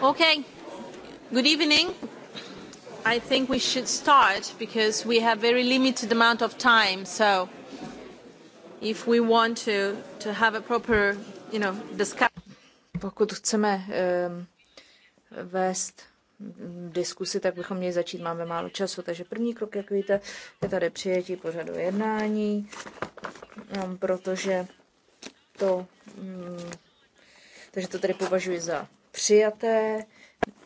Okay. Good evening. I think we should start because we have very limited amount of time. So if we want to to have a proper, you know, discussion. Pokud chceme um, vést diskusi, tak bychom měli začít, máme málo času. Takže první krok, jak víte, je tady přijetí pořadu jednání, um, protože to, um, takže to tady považuji za přijaté,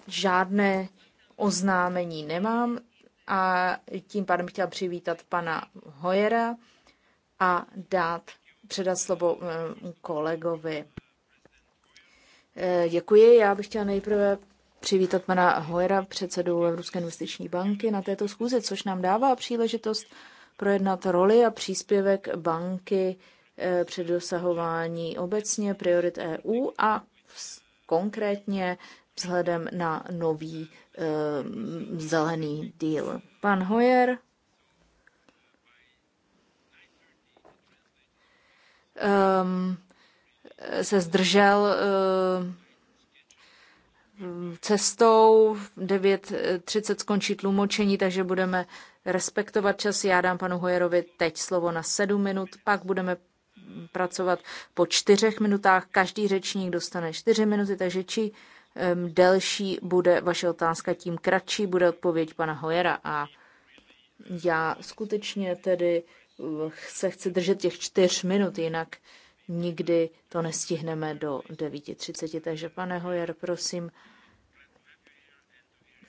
žádné oznámení nemám a tím pádem chtěla přivítat pana Hojera a dát předat slovo eh, kolegovi. Eh, děkuji, já bych chtěla nejprve přivítat pana Hojera, předsedu Evropské investiční banky na této schůze, což nám dává příležitost projednat roli a příspěvek banky eh, před dosahování obecně priorit EU a konkrétně vzhledem na nový e, zelený díl. Pan Hoyer. E, se zdržel e, cestou, 9.30 skončí tlumočení, takže budeme respektovat čas. Já dám panu Hojerovi teď slovo na 7 minut, pak budeme pracovat po čtyřech minutách. Každý řečník dostane čtyři minuty, takže či um, delší bude vaše otázka, tím kratší bude odpověď pana Hojera. A já skutečně tedy eh, se chci držet těch čtyř minut, jinak nikdy to nestihneme do 9.30. Takže pane Hojer, prosím,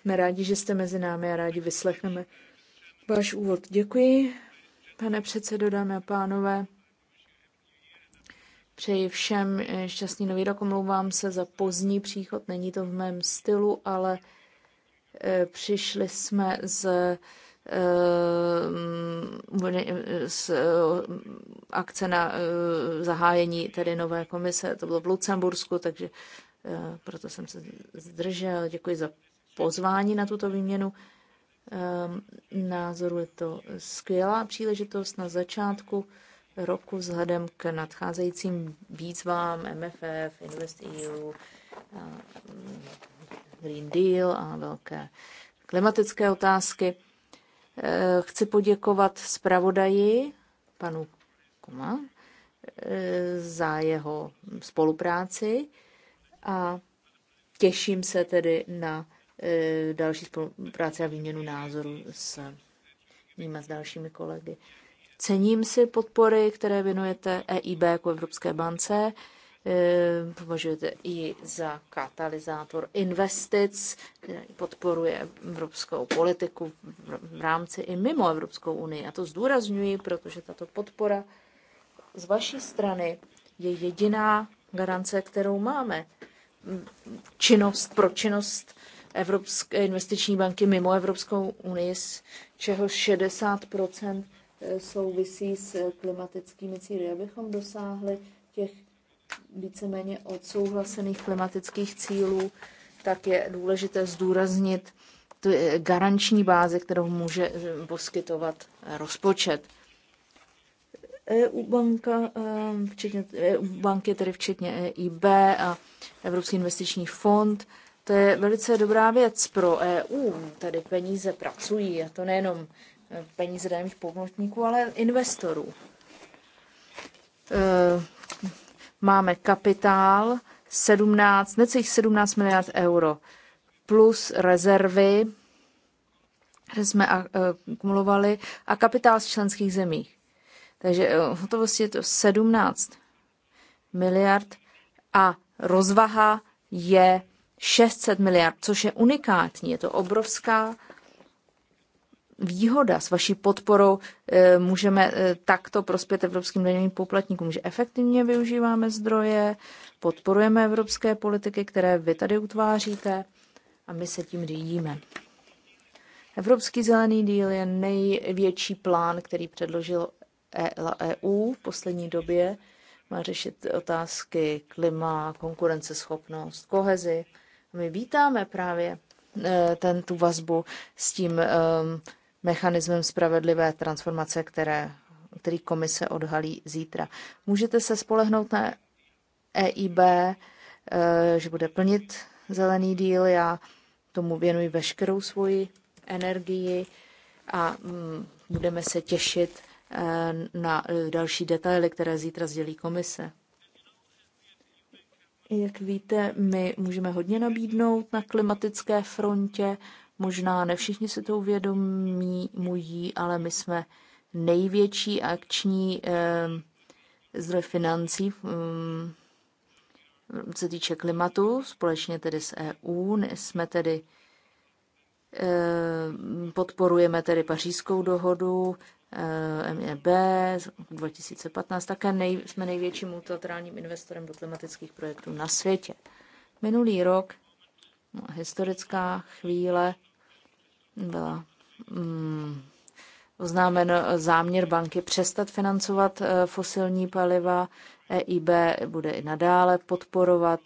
jsme rádi, že jste mezi námi a rádi vyslechneme váš úvod. Děkuji, pane předsedo, dámy a pánové. Přeji všem eh, šťastný nový rok, omlouvám se za pozdní příchod, není to v mém stylu, ale eh, přišli jsme z, eh, z akce na zahájení tedy nové komise, to bylo v Lucembursku, takže proto jsem se zdržel. Děkuji za pozvání na tuto výměnu názoru. Je to skvělá příležitost na začátku roku vzhledem k nadcházejícím výzvám MFF, InvestEU, eh, Green Deal a velké klimatické otázky. Eh, chci poděkovat zpravodaji, panu Kuma, eh, za jeho spolupráci a těším se tedy na další spolupráci a výměnu názorů s nimi a s dalšími kolegy. Cením si podpory, které věnujete EIB jako Evropské bance. Ehm, považujete ji za katalyzátor investic, který podporuje evropskou politiku v rámci i mimo Evropskou unii. A to zdůrazňuji, protože tato podpora z vaší strany je jediná garance, kterou máme. Činnost pro činnost Evropské investiční banky mimo Evropskou unii, z čeho 60 Eh, souvisí s eh, klimatickými cíly, abychom dosáhli těch víceméně odsouhlasených klimatických cílů, tak je důležité zdůraznit tu eh, garanční bázi, kterou může poskytovat rozpočet. EU banka, včetně, EU banky, tedy včetně EIB a Evropský investiční fond, to je velice dobrá věc pro EU. Tady peníze pracují a to nejenom peníze daných poplatníků, ale investorů. E, máme kapitál 17, necelých 17 miliard euro plus rezervy, které jsme akumulovali, e, a kapitál z členských zemí. Takže v e, hotovosti je to 17 miliard a rozvaha je 600 miliard, což je unikátní. Je to obrovská výhoda s vaší podporou eh, můžeme eh, takto prospět evropským daňovým poplatníkům, že efektivně využíváme zdroje, podporujeme evropské politiky, které vy tady utváříte a my se tím řídíme. Evropský zelený díl je největší plán, který předložil EU e v poslední době. Má řešit otázky klima, konkurenceschopnost, kohezi. My vítáme právě eh, ten, tu vazbu s tím um, mechanismem spravedlivé transformace, které, který komise odhalí zítra. Můžete se spolehnout na EIB, eh, že bude plnit zelený díl. Já tomu věnuji veškerou svoji energii a mm, budeme se těšit eh, na eh, další detaily, které zítra sdělí komise. Jak víte, my můžeme hodně nabídnout na klimatické frontě. Možná ne všichni si to mují, ale my jsme největší akční ehm, zdroj financí ehm, co se týče klimatu, společně tedy s EU, jsme tedy ehm, podporujeme tedy pařížskou dohodu MEB 2015, také nej, jsme největším multilaterálním investorem do klimatických projektů na světě. Minulý rok No historická chvíle. Byla mm, oznámen záměr banky přestat financovat eh, fosilní paliva. EIB bude i nadále podporovat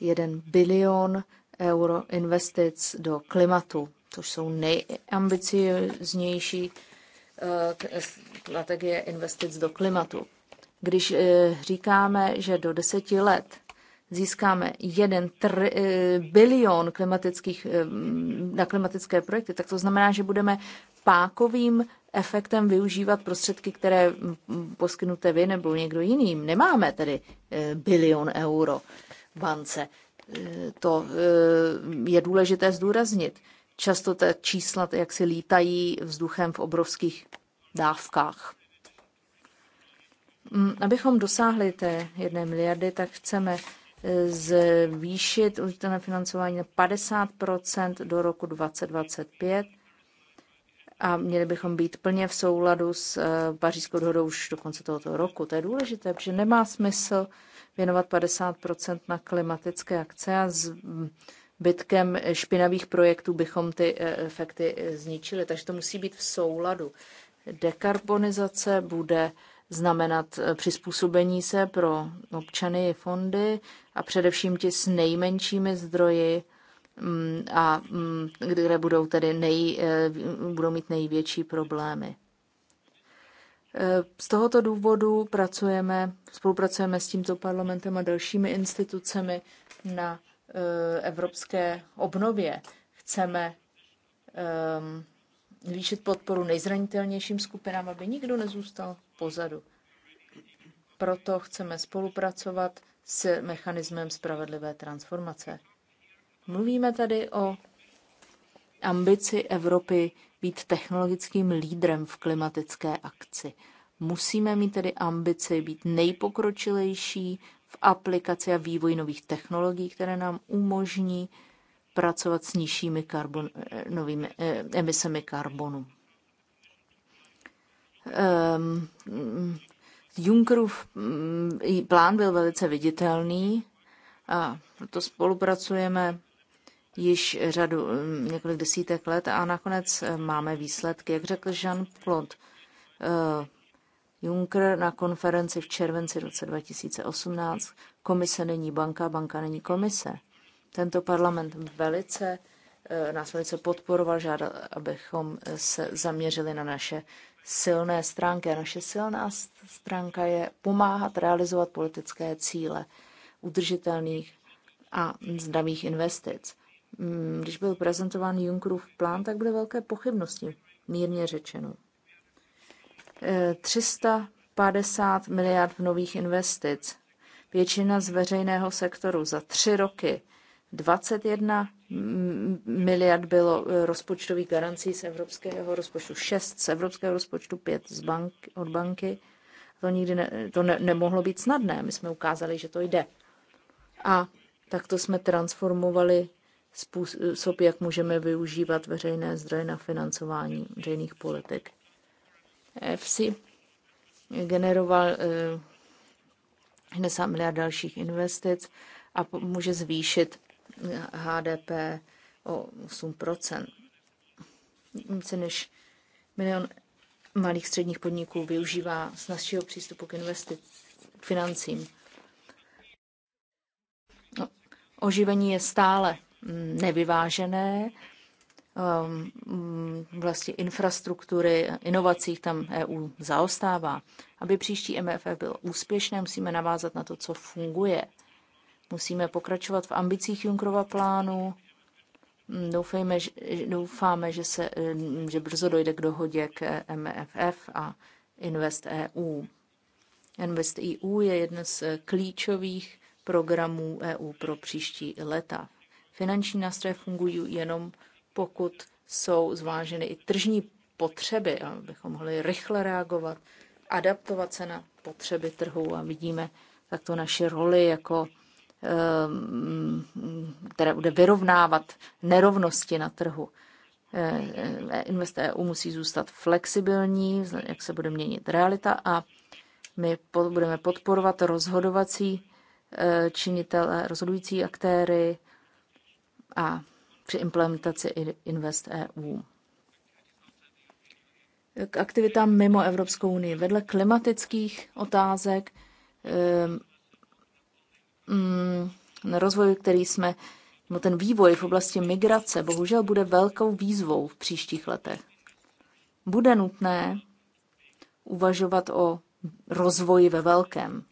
1 bilion euro investic do klimatu, což jsou nejambicioznější eh, strategie investic do klimatu. Když eh, říkáme, že do deseti let získáme jeden tr- eh, bilion klimatických, eh, na klimatické projekty, tak to znamená, že budeme pákovým efektem využívat prostředky, které poskynuté vy nebo někdo jiným. Nemáme tedy eh, bilion euro v bance. To je důležité zdůraznit. Často ta čísla jak si lítají vzduchem v obrovských dávkách. Mm, abychom dosáhli té jedné miliardy, tak chceme zvýšit užitelné financování na 50 do roku 2025 a měli bychom být plně v souladu s eh, pařížskou dohodou už do konce tohoto roku. To je důležité, protože nemá smysl věnovat 50 na klimatické akce a s mm, bytkem špinavých projektů bychom ty eh, efekty eh, zničili. Takže to musí být v souladu. Dekarbonizace bude znamenat eh, přizpůsobení se pro občany i fondy a především ti s nejmenšími zdroji, mm, a mm, kde budou tedy nej, eh, budou mít největší problémy. Eh, z tohoto důvodu pracujeme, spolupracujeme s tímto parlamentem a dalšími institucemi na evropské obnově. Chceme ehm, zvýšit podporu nejzranitelnějším skupinám, aby nikdo nezůstal pozadu. Proto chceme spolupracovat s mechanismem spravedlivé transformace. Mluvíme tady o ambici Evropy být technologickým lídrem v klimatické akci. Musíme mít tedy ambici být nejpokročilejší v aplikaci a vývoji nových technologií, které nám umožní pracovat s nižšími karbon, novými, eh, emisemi karbonu um, Junckerův mm, plán byl velice viditelný a proto spolupracujeme již řadu, mm, několik desítek let a nakonec eh, máme výsledky. Jak řekl Jean-Claude eh, Juncker na konferenci v červenci roce 2018, komise není banka, banka není komise. Tento parlament velice eh, nás velice podporoval, žádal, abychom se zaměřili na naše silné stránky. A naše silná stránka je pomáhat realizovat politické cíle udržitelných a zdravých investic. Mm, když byl prezentován Junckerův plán, tak byly velké pochybnosti, mírně řečeno. 350 e, miliard nových investic, většina z veřejného sektoru za tři roky – 21 miliard bylo eh, rozpočtových garancí z evropského rozpočtu, 6 z evropského rozpočtu, 5 z bank, od banky. To nikdy ne, to ne, nemohlo být snadné, my jsme ukázali, že to jde. A takto jsme transformovali způsob, jak můžeme využívat veřejné zdroje na financování veřejných politik. EFSI generoval eh, 60 miliard dalších investic a může zvýšit HDP o 8%. Více než milion malých středních podniků využívá z našeho přístupu k investic, k financím. No, oživení je stále mm, nevyvážené. Vlastně infrastruktury, inovacích tam EU zaostává. Aby příští MFF e byl úspěšný, musíme navázat na to, co funguje – Musíme pokračovat v ambicích Junkrova plánu. Mm, doufejme, doufáme, že, se, mm, že brzo dojde k dohodě k MFF a Invest EU. Invest EU je jeden z klíčových programů EU pro příští leta. Finanční nástroje fungují jenom pokud jsou zváženy i tržní potřeby, abychom mohli rychle reagovat, adaptovat se na potřeby trhu a vidíme takto naše roli jako Ehm, které bude vyrovnávat nerovnosti na trhu. Eh, eh, Invest EU musí zůstat flexibilní, jak se bude měnit realita a my budeme podporovat rozhodovací eh, činitele, rozhodující aktéry a při implementaci Invest EU. K aktivitám mimo Evropskou unii. Vedle klimatických otázek ehm, Mm, rozvoj, který jsme, no ten vývoj v oblasti migrace, bohužel bude velkou výzvou v příštích letech. Bude nutné uvažovat o rozvoji ve velkém.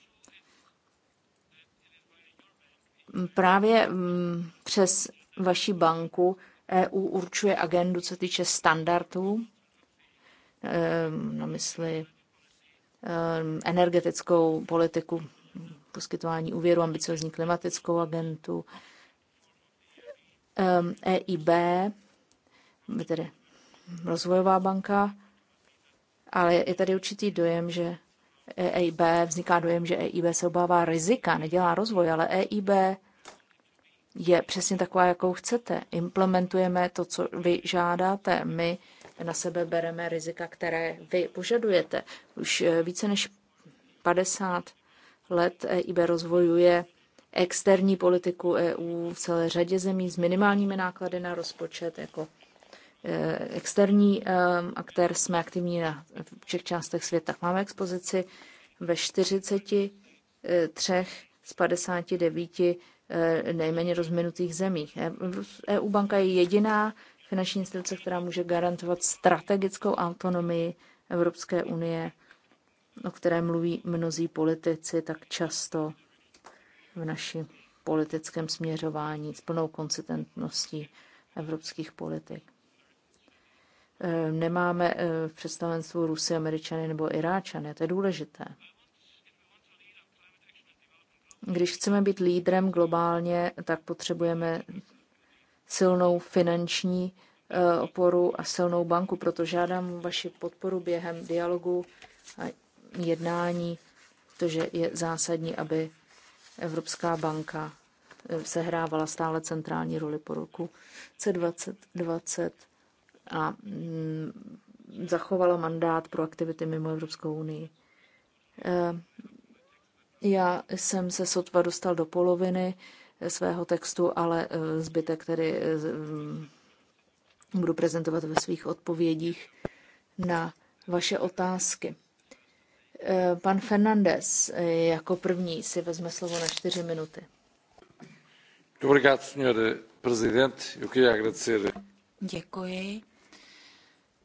Právě mm, přes vaši banku EU určuje agendu, co týče standardů, ehm, na mysli ehm, energetickou politiku poskytování úvěru, ambiciozní klimatickou agentu, EIB, e tedy rozvojová banka, ale je tady určitý dojem, že EIB, vzniká dojem, že EIB se obává rizika, nedělá rozvoj, ale EIB je přesně taková, jakou chcete. Implementujeme to, co vy žádáte. My na sebe bereme rizika, které vy požadujete. Už eh, více než 50 let EIB rozvojuje externí politiku EU v celé řadě zemí s minimálními náklady na rozpočet. Jako e, externí e, aktér jsme aktivní na všech částech světa. Máme expozici ve 43 e, z 59 nejméně rozminutých zemích. EU banka je jediná finanční instituce, která může garantovat strategickou autonomii Evropské unie o které mluví mnozí politici tak často v našem politickém směřování s plnou konsistentností evropských politik. Ehm, nemáme eh, v představenstvu Rusy, Američany nebo Iráčany, to je důležité. Když chceme být lídrem globálně, tak potřebujeme silnou finanční eh, oporu a silnou banku. Proto žádám vaši podporu během dialogu a jednání, protože je zásadní, aby Evropská banka eh, sehrávala stále centrální roli po roku C2020 a mm, zachovala mandát pro aktivity mimo Evropskou unii. Eh, já jsem se sotva dostal do poloviny eh, svého textu, ale zbytek tedy mm, budu prezentovat ve svých odpovědích na vaše otázky. Eh, pan Fernandez eh, jako první si vezme slovo na čtyři minuty. Eh, Děkuji,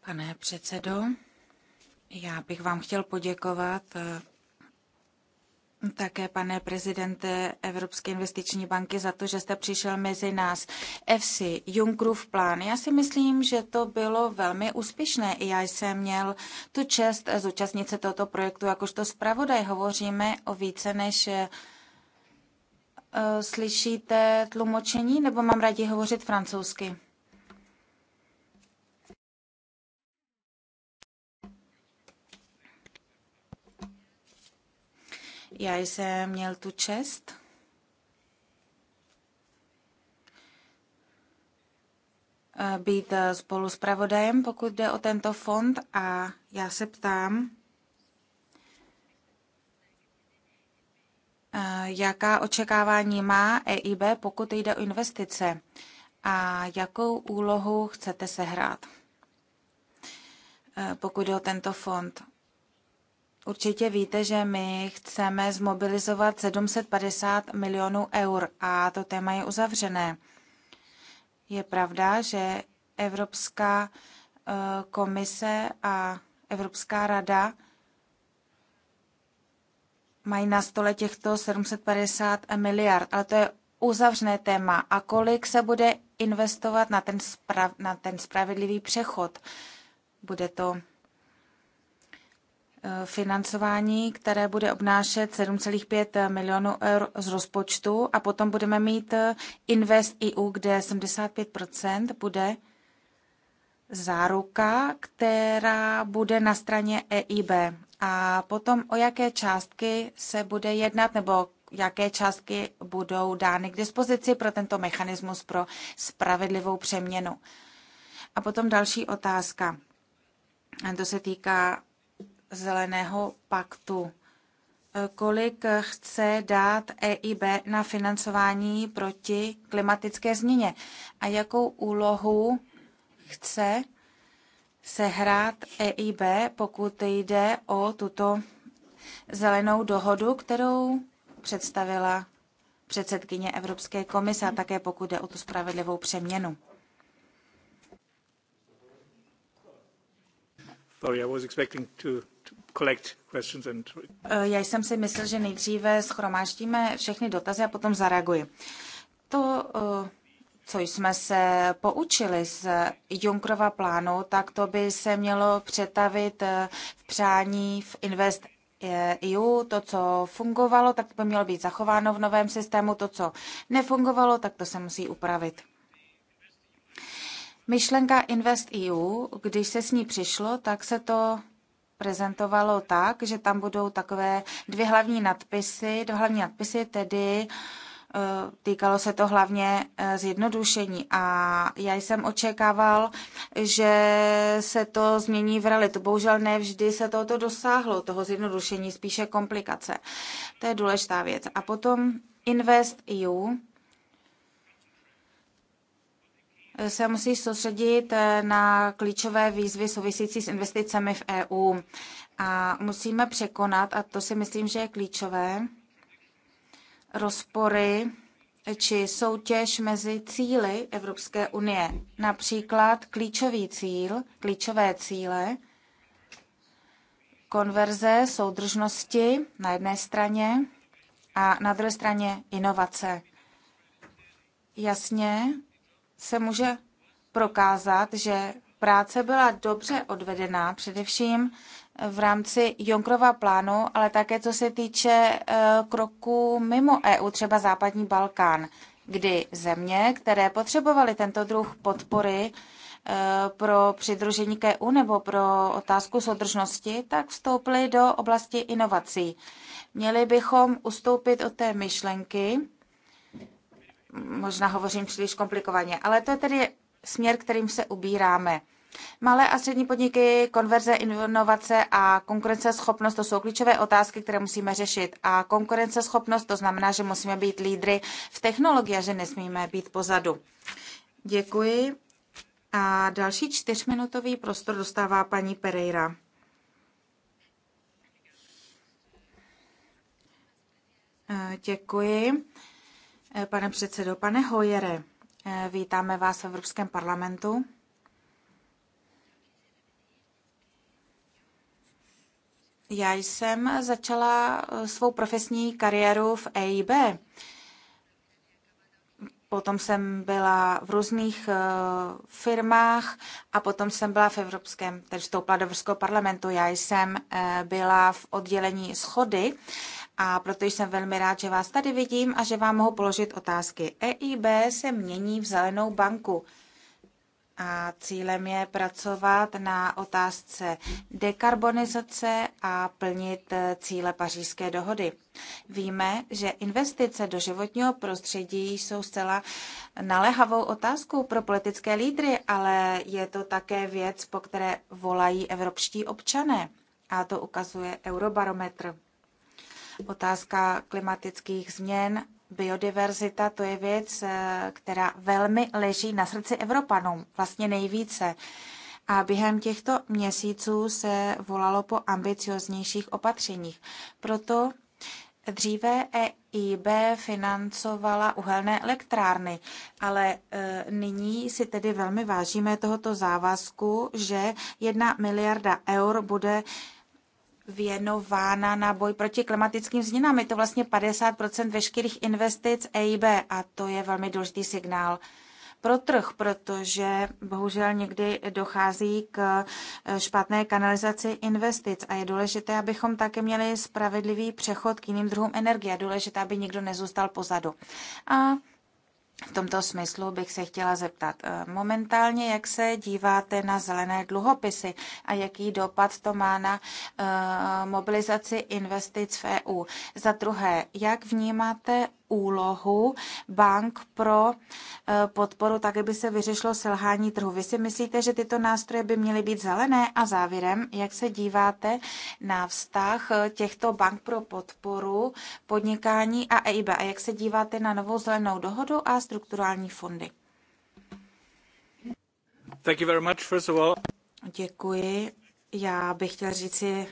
pane předsedo. Já bych vám chtěl poděkovat také, pane prezidente Evropské investiční banky, za to, že jste přišel mezi nás. EFSI, Junckerův plán, já si myslím, že to bylo velmi úspěšné. I já jsem měl tu čest zúčastnit se tohoto projektu, jakožto zpravodaj. Hovoříme o více než eh, slyšíte tlumočení, nebo mám raději hovořit francouzsky? Já jsem měl tu čest být spolu s pravodajem, pokud jde o tento fond a já se ptám, jaká očekávání má EIB, pokud jde o investice a jakou úlohu chcete sehrát, pokud jde o tento fond. Určitě víte, že my chceme zmobilizovat 750 milionů eur a to téma je uzavřené. Je pravda, že Evropská eh, komise a Evropská rada mají na stole těchto 750 miliard, ale to je uzavřené téma. A kolik se bude investovat na ten, sprav, na ten spravedlivý přechod? Bude to financování, které bude obnášet 7,5 milionů eur z rozpočtu a potom budeme mít eh, Invest EU, kde 75 bude záruka, která bude na straně EIB. A potom o jaké částky se bude jednat nebo jaké částky budou dány k dispozici pro tento mechanismus pro spravedlivou přeměnu. A potom další otázka. To se týká zeleného paktu. E, kolik chce dát EIB na financování proti klimatické změně a jakou úlohu chce sehrát EIB, pokud jde o tuto zelenou dohodu, kterou představila předsedkyně Evropské komise a také pokud jde o tu spravedlivou přeměnu. Sorry, I was expecting to Eh, já jsem si myslel, že nejdříve schromáždíme všechny dotazy a potom zareaguji. To, eh, co jsme se poučili z Junkrova plánu, tak to by se mělo přetavit eh, v přání v Invest EU, to, co fungovalo, tak to by mělo být zachováno v novém systému, to, co nefungovalo, tak to se musí upravit. Myšlenka Invest EU, když se s ní přišlo, tak se to prezentovalo tak, že tam budou takové dvě hlavní nadpisy, dva hlavní nadpisy, tedy eh, týkalo se to hlavně eh, zjednodušení a já jsem očekával, že se to změní v realitu. Bohužel ne vždy se tohoto dosáhlo, toho zjednodušení, spíše komplikace. To je důležitá věc. A potom Invest EU, se musí soustředit eh, na klíčové výzvy související s investicemi v EU. A musíme překonat, a to si myslím, že je klíčové, rozpory či soutěž mezi cíly Evropské unie. Například klíčový cíl, klíčové cíle, konverze, soudržnosti na jedné straně a na druhé straně inovace. Jasně, se může prokázat, že práce byla dobře odvedená, především v rámci Junkrova plánu, ale také co se týče e, kroků mimo EU, třeba Západní Balkán, kdy země, které potřebovaly tento druh podpory e, pro přidružení k EU nebo pro otázku soudržnosti, tak vstoupily do oblasti inovací. Měli bychom ustoupit od té myšlenky, možná hovořím příliš komplikovaně, ale to je tedy směr, kterým se ubíráme. Malé a střední podniky, konverze, inovace a konkurenceschopnost to jsou klíčové otázky, které musíme řešit. A konkurenceschopnost to znamená, že musíme být lídry v technologii a že nesmíme být pozadu. Děkuji. A další čtyřminutový prostor dostává paní Pereira. Děkuji. Eh, pane předsedo, pane Hojere, eh, vítáme vás v Evropském parlamentu. Já jsem začala eh, svou profesní kariéru v EIB. Potom jsem byla v různých firmách a potom jsem byla v Evropském, tedy vstoupila do Evropského parlamentu. Já jsem byla v oddělení schody a proto jsem velmi rád, že vás tady vidím a že vám mohu položit otázky. EIB se mění v zelenou banku a cílem je pracovat na otázce dekarbonizace a plnit eh, cíle pařížské dohody. Víme, že investice do životního prostředí jsou zcela naléhavou otázkou pro politické lídry, ale je to také věc, po které volají evropští občané. A to ukazuje Eurobarometr. Otázka klimatických změn, biodiverzita, to je věc, eh, která velmi leží na srdci Evropanům, vlastně nejvíce. A během těchto měsíců se volalo po ambicioznějších opatřeních. Proto Dříve EIB financovala uhelné elektrárny, ale e, nyní si tedy velmi vážíme tohoto závazku, že jedna miliarda eur bude věnována na boj proti klimatickým změnám. Je to vlastně 50 veškerých investic EIB a to je velmi důležitý signál pro trh, protože bohužel někdy dochází k eh, špatné kanalizaci investic a je důležité, abychom také měli spravedlivý přechod k jiným druhům energie. důležité, aby nikdo nezůstal pozadu. A v tomto smyslu bych se chtěla zeptat eh, momentálně, jak se díváte na zelené dluhopisy a jaký dopad to má na eh, mobilizaci investic v EU. Za druhé, jak vnímáte úlohu bank pro eh, podporu, tak aby se vyřešilo selhání trhu. Vy si myslíte, že tyto nástroje by měly být zelené? A závěrem, jak se díváte na vztah eh, těchto bank pro podporu podnikání a EIB? A jak se díváte na novou zelenou dohodu a strukturální fondy? Thank you very much, first of all. Děkuji. Já bych chtěl říci,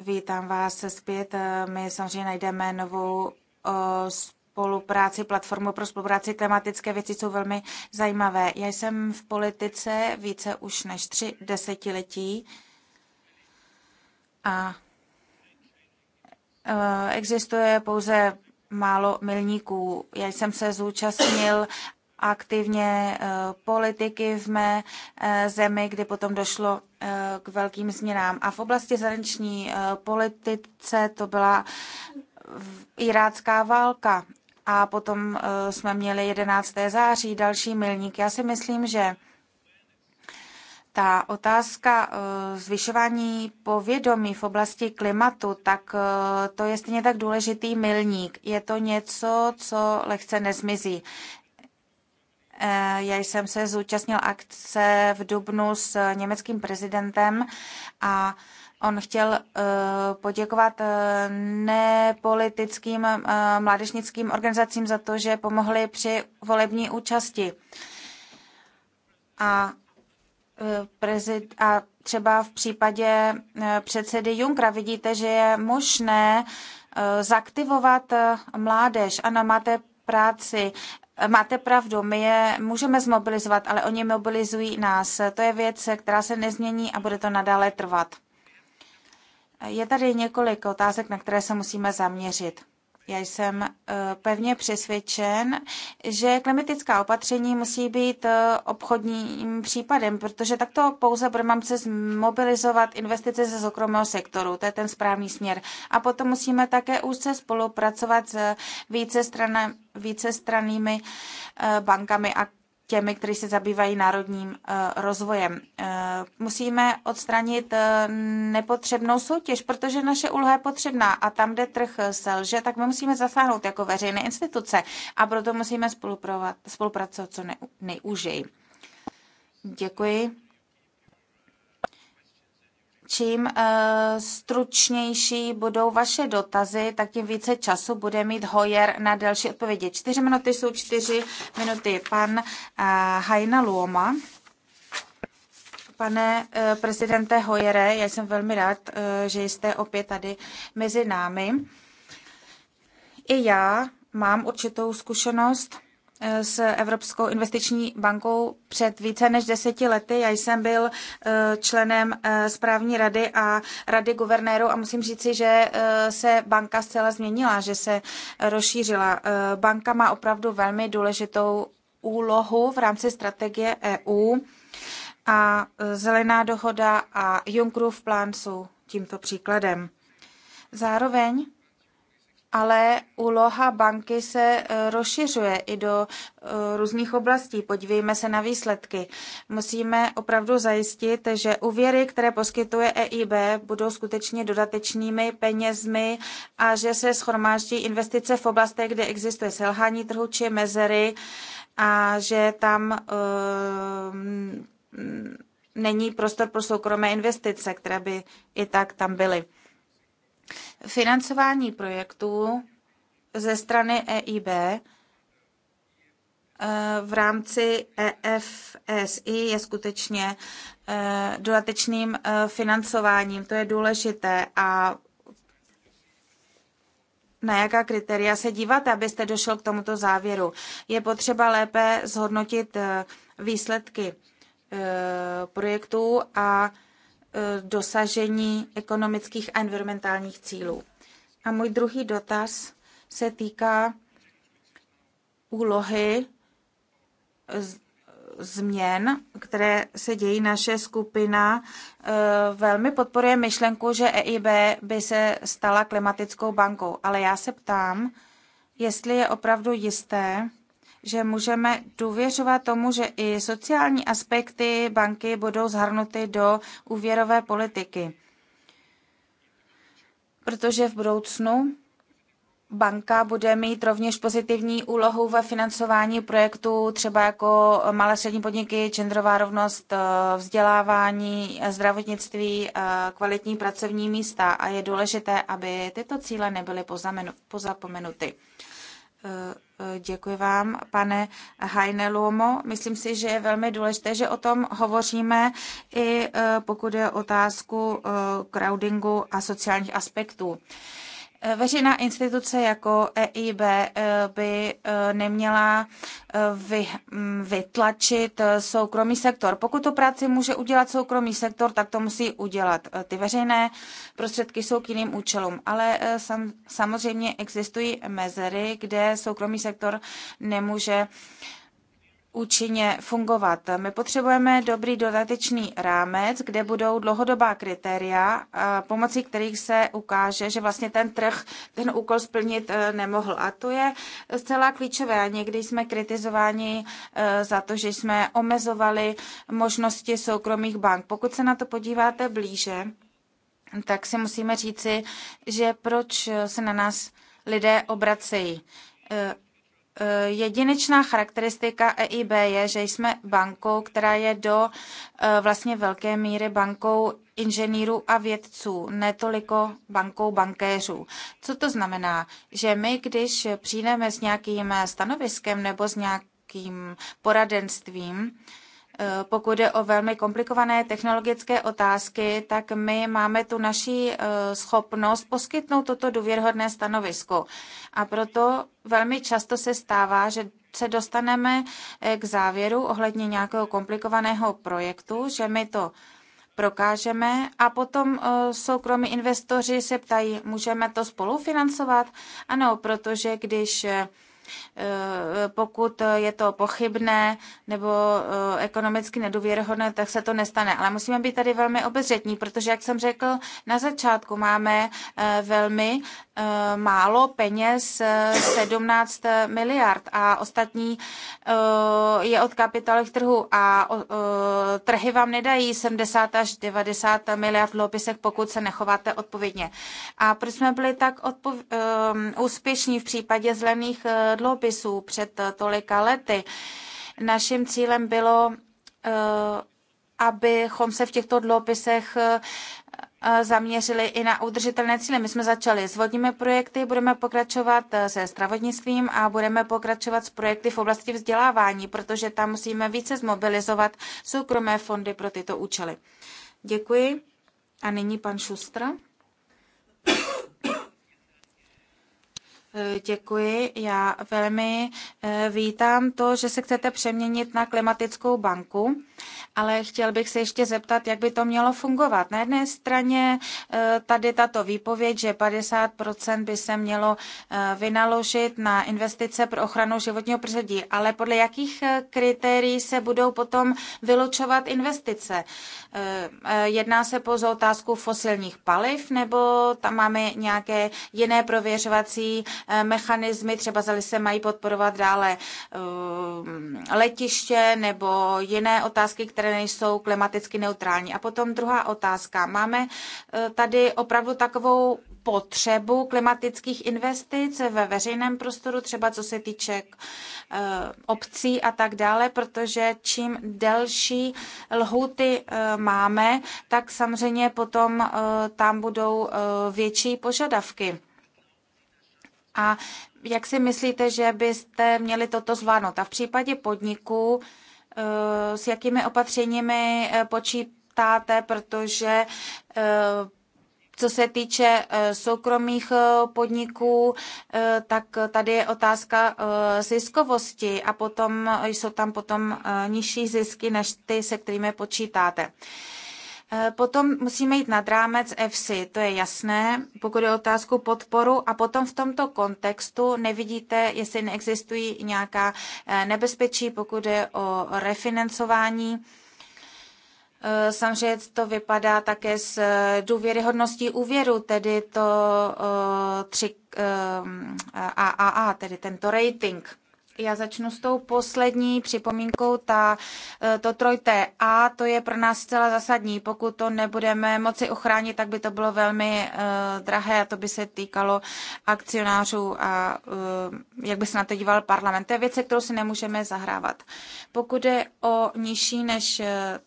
vítám vás zpět. Eh, My samozřejmě najdeme novou spolupráci, platformu pro spolupráci klimatické věci jsou velmi zajímavé. Já jsem v politice více už než tři desetiletí a e, existuje pouze málo milníků. Já jsem se zúčastnil aktivně e, politiky v mé e, zemi, kdy potom došlo k velkým změnám. A v oblasti zahraniční politice to byla irácká válka a potom eh, jsme měli 11. září další milník. Já si myslím, že ta otázka eh, zvyšování povědomí v oblasti klimatu, tak eh, to je stejně tak důležitý milník. Je to něco, co lehce nezmizí. Já jsem se zúčastnil akce v Dubnu s německým prezidentem a On chtěl eh, poděkovat eh, nepolitickým eh, mládežnickým organizacím za to, že pomohli při volební účasti. A, prezid, a třeba v případě předsedy Junkra vidíte, že je možné zaktivovat mládež. Ano, máte práci, Máte pravdu, my je můžeme zmobilizovat, ale oni mobilizují nás. To je věc, která se nezmění a bude to nadále trvat. Je tady několik otázek, na které se musíme zaměřit. Já jsem e, pevně přesvědčen, že klimatická opatření musí být e, obchodním případem, protože takto pouze budeme moci zmobilizovat investice ze soukromého sektoru. To je ten správný směr. A potom musíme také úzce spolupracovat s více, více stranými e, bankami a těmi, kteří se zabývají národním eh, rozvojem. Eh, musíme odstranit eh, nepotřebnou soutěž, protože naše úloha je potřebná a tam, kde trh selže, tak my musíme zasáhnout jako veřejné instituce a proto musíme spolupracovat co nejúžej. Děkuji čím eh, stručnější budou vaše dotazy, tak tím více času bude mít Hojer na další odpovědi. Čtyři minuty jsou čtyři minuty. Pan eh, Hajna Luoma. Pane eh, prezidente Hojere, já jsem velmi rád, že jste opět tady mezi námi. I já mám určitou zkušenost Eh, s Evropskou investiční bankou před více než deseti lety. Já jsem byl eh, členem eh, správní rady a rady guvernéru a musím říci, že se banka zcela změnila, že se rozšířila. Banka má opravdu velmi důležitou úlohu v rámci strategie EU a Zelená dohoda a Junckerův plán jsou tímto příkladem. Zároveň ale úloha banky se eh, rozšiřuje i do eh, různých oblastí. Podívejme se na výsledky. Musíme opravdu zajistit, že úvěry, které poskytuje EIB, budou skutečně dodatečnými penězmi a že se schromáždí investice v oblastech, kde existuje selhání trhu či mezery a že tam um, není prostor pro soukromé investice, které by i tak tam byly financování projektů ze strany EIB eh, v rámci EFSI je skutečně eh, dodatečným eh, financováním. To je důležité a na jaká kritéria se dívat, abyste došel k tomuto závěru. Je potřeba lépe zhodnotit výsledky projektů a Eh, dosažení ekonomických a environmentálních cílů. A můj druhý dotaz se týká úlohy změn, které se dějí. Naše skupina eh, velmi podporuje myšlenku, že EIB by se stala klimatickou bankou, ale já se ptám, jestli je opravdu jisté, že můžeme důvěřovat tomu, že i sociální aspekty banky budou zhrnuty do úvěrové politiky. Protože v budoucnu banka bude mít rovněž pozitivní úlohu ve financování projektů, třeba jako malé střední podniky, genderová rovnost, eh, vzdělávání, zdravotnictví, eh, kvalitní pracovní místa. A je důležité, aby tyto cíle nebyly pozapomenuty. Děkuji vám, pane Hajneluomo. Myslím si, že je velmi důležité, že o tom hovoříme i eh, pokud je otázku eh, crowdingu a sociálních aspektů. Eh, veřejná instituce jako EIB eh, by eh, neměla vy, mm, vytlačit soukromý sektor. Pokud to práci může udělat soukromý sektor, tak to musí udělat. Ty veřejné prostředky jsou k jiným účelům, ale sam, samozřejmě existují mezery, kde soukromý sektor nemůže účinně fungovat. My potřebujeme dobrý dodatečný rámec, kde budou dlouhodobá kritéria, pomocí kterých se ukáže, že vlastně ten trh ten úkol splnit e, nemohl. A to je zcela klíčové. A někdy jsme kritizováni e, za to, že jsme omezovali možnosti soukromých bank. Pokud se na to podíváte blíže, tak si musíme říci, že proč se na nás lidé obracejí e, Eh, jedinečná charakteristika EIB je, že jsme bankou, která je do eh, vlastně velké míry bankou inženýrů a vědců, netoliko bankou bankéřů. Co to znamená? Že my, když přijdeme s nějakým stanoviskem nebo s nějakým poradenstvím, Eh, pokud jde o velmi komplikované technologické otázky, tak my máme tu naší eh, schopnost poskytnout toto důvěrhodné stanovisko. A proto velmi často se stává, že se dostaneme eh, k závěru ohledně nějakého komplikovaného projektu, že my to prokážeme a potom soukromí investoři se ptají, můžeme to spolufinancovat? Ano, protože když Eh, pokud eh, je to pochybné nebo eh, ekonomicky nedůvěrhodné, tak se to nestane. Ale musíme být tady velmi obezřetní, protože, jak jsem řekl, na začátku máme velmi Eh, málo peněz, 17 eh, miliard a ostatní eh, je od kapitálových trhu a trhy vám nedají 70 až 90 miliard v pokud se nechováte odpovědně. A proč jsme byli tak odpov- úspěšní v případě zelených dloupisů před tolika lety? Naším cílem bylo abychom se v těchto dloupisech Eh, zaměřili i na udržitelné cíle. My jsme začali s vodními projekty, budeme pokračovat eh, se zdravotnictvím a budeme pokračovat s projekty v oblasti vzdělávání, protože tam musíme více zmobilizovat soukromé fondy pro tyto účely. Děkuji. A nyní pan Šustra. Eh, děkuji. Já velmi eh, vítám to, že se chcete přeměnit na klimatickou banku, ale chtěl bych se ještě zeptat, jak by to mělo fungovat. Na jedné straně eh, tady tato výpověď, že 50% by se mělo vynaložit na investice pro ochranu životního prostředí, ale podle jakých kritérií se budou potom vylučovat investice? Jedná se pouze o otázku fosilních paliv, nebo tam máme nějaké jiné prověřovací Eh, mechanismy, třeba zali se mají podporovat dále eh, letiště nebo jiné otázky, které nejsou klimaticky neutrální. A potom druhá otázka. Máme eh, tady opravdu takovou potřebu klimatických investic ve veřejném prostoru, třeba co se týče obcí a tak dále, protože čím delší lhuty máme, tak samozřejmě potom tam budou větší požadavky a jak si myslíte, že byste měli toto zvládnout? A v případě podniku eh, s jakými opatřeními eh, počítáte, protože eh, co se týče soukromých podniků, tak tady je otázka ziskovosti a potom jsou tam potom nižší zisky než ty, se kterými počítáte. Eh, potom musíme jít nad rámec EFSI, to je jasné, pokud je otázku podporu a potom v tomto kontextu nevidíte, jestli neexistují nějaká eh, nebezpečí, pokud je o refinancování. Eh, samozřejmě to vypadá také s důvěryhodností úvěru, tedy to AAA, mm, tedy tento rating. Já začnu s tou poslední připomínkou, ta, eh, to trojté A, to je pro nás zcela zásadní. Pokud to nebudeme moci ochránit, tak by to bylo velmi uh, drahé a to by se týkalo akcionářů a uh, jak by se na to díval parlament. To je věc, kterou si nemůžeme zahrávat. Pokud je o nižší než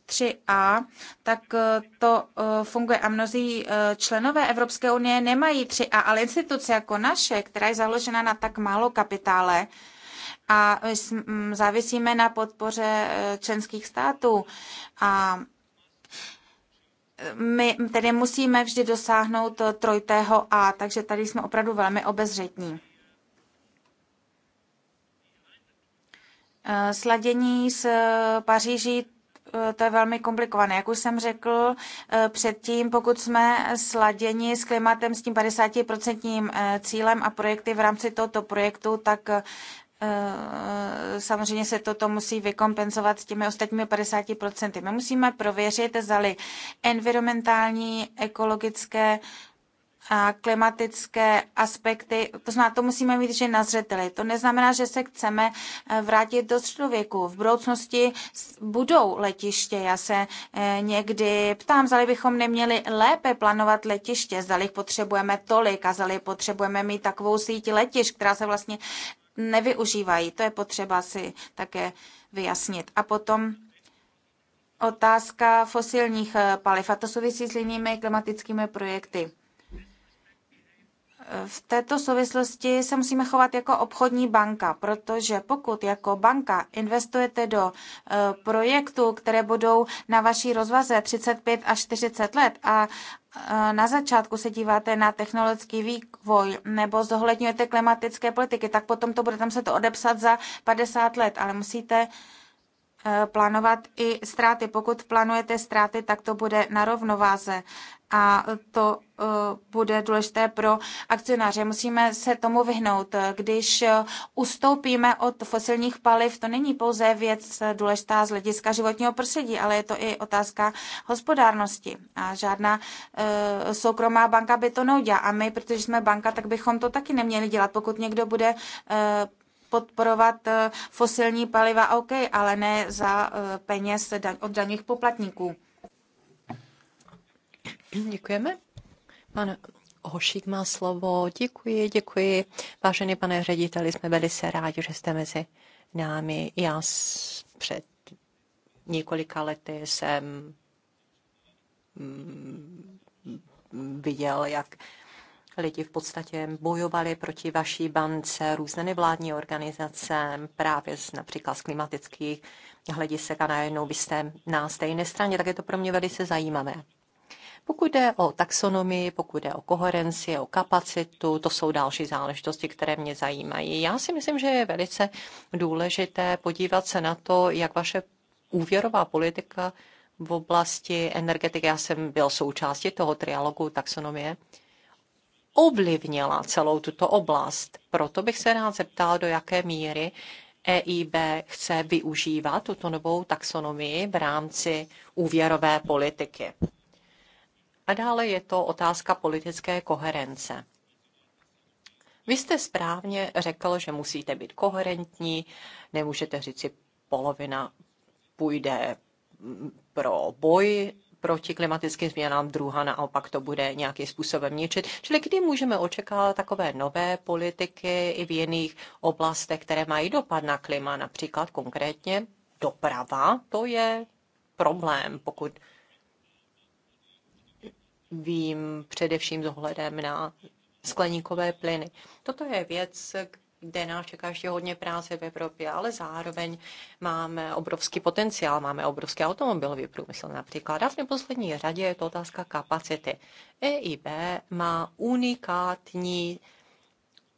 3A, tak uh, to uh, funguje a mnozí uh, členové Evropské unie nemají 3A, ale instituce jako naše, která je založena na tak málo kapitále, a závisíme na podpoře e, členských států. A e, my tedy musíme vždy dosáhnout trojtého A, takže tady jsme opravdu velmi obezřetní. E, sladění s Paříží to je velmi komplikované. Jak už jsem řekl předtím, pokud jsme sladěni s klimatem, s tím 50% cílem a projekty v rámci tohoto projektu, tak Eh, samozřejmě se toto musí vykompenzovat s těmi ostatními 50%. My musíme prověřit, zali environmentální, ekologické a klimatické aspekty, to znamená, to musíme mít že nazřeteli. To neznamená, že se chceme eh, vrátit do středověku. V budoucnosti budou letiště. Já se eh, někdy ptám, zali bychom neměli lépe plánovat letiště, zali jich potřebujeme tolik a zali potřebujeme mít takovou síť letišť, která se vlastně nevyužívají. To je potřeba si také vyjasnit. A potom otázka fosilních paliv. A to souvisí s jinými klimatickými projekty v této souvislosti se musíme chovat jako obchodní banka, protože pokud jako banka investujete do e, projektů, které budou na vaší rozvaze 35 až 40 let a e, na začátku se díváte na technologický vývoj nebo zohledňujete klimatické politiky, tak potom to bude tam se to odepsat za 50 let, ale musíte Eh, plánovat i ztráty. Pokud plánujete ztráty, tak to bude na rovnováze a to eh, bude důležité pro akcionáře. Musíme se tomu vyhnout. Když eh, ustoupíme od fosilních paliv, to není pouze věc důležitá z hlediska životního prostředí, ale je to i otázka hospodárnosti. A žádná soukromá banka by to neudělala. A my, protože jsme banka, tak bychom to taky neměli dělat. Pokud někdo bude podporovat eh, fosilní paliva OK, ale ne za eh, peněz od daných poplatníků. Děkujeme. Pan Hošík má slovo. Děkuji, děkuji. Vážený pane řediteli, jsme velice rádi, že jste mezi námi. Já před několika lety jsem mm, viděl, jak lidi v podstatě bojovali proti vaší bance, různé nevládní organizace, právě z, například z klimatických hledisek a najednou vy jste na stejné straně, tak je to pro mě velice zajímavé. Pokud jde o taxonomii, pokud jde o koherenci, o kapacitu, to jsou další záležitosti, které mě zajímají. Já si myslím, že je velice důležité podívat se na to, jak vaše úvěrová politika v oblasti energetiky, já jsem byl součástí toho trialogu taxonomie, ovlivnila celou tuto oblast. Proto bych se rád zeptal, do jaké míry EIB chce využívat tuto novou taxonomii v rámci úvěrové politiky. A dále je to otázka politické koherence. Vy jste správně řekl, že musíte být koherentní, nemůžete říct si polovina půjde pro boj proti klimatickým změnám, druhá naopak to bude nějakým způsobem ničit. Čili kdy můžeme očekávat takové nové politiky i v jiných oblastech, které mají dopad na klima, například konkrétně doprava, to je problém, pokud vím především s ohledem na skleníkové plyny. Toto je věc, kde nás čeká ještě hodně práce v Evropě, ale zároveň máme obrovský potenciál, máme obrovský automobilový průmysl například. A v neposlední řadě je to otázka kapacity. EIB má unikátní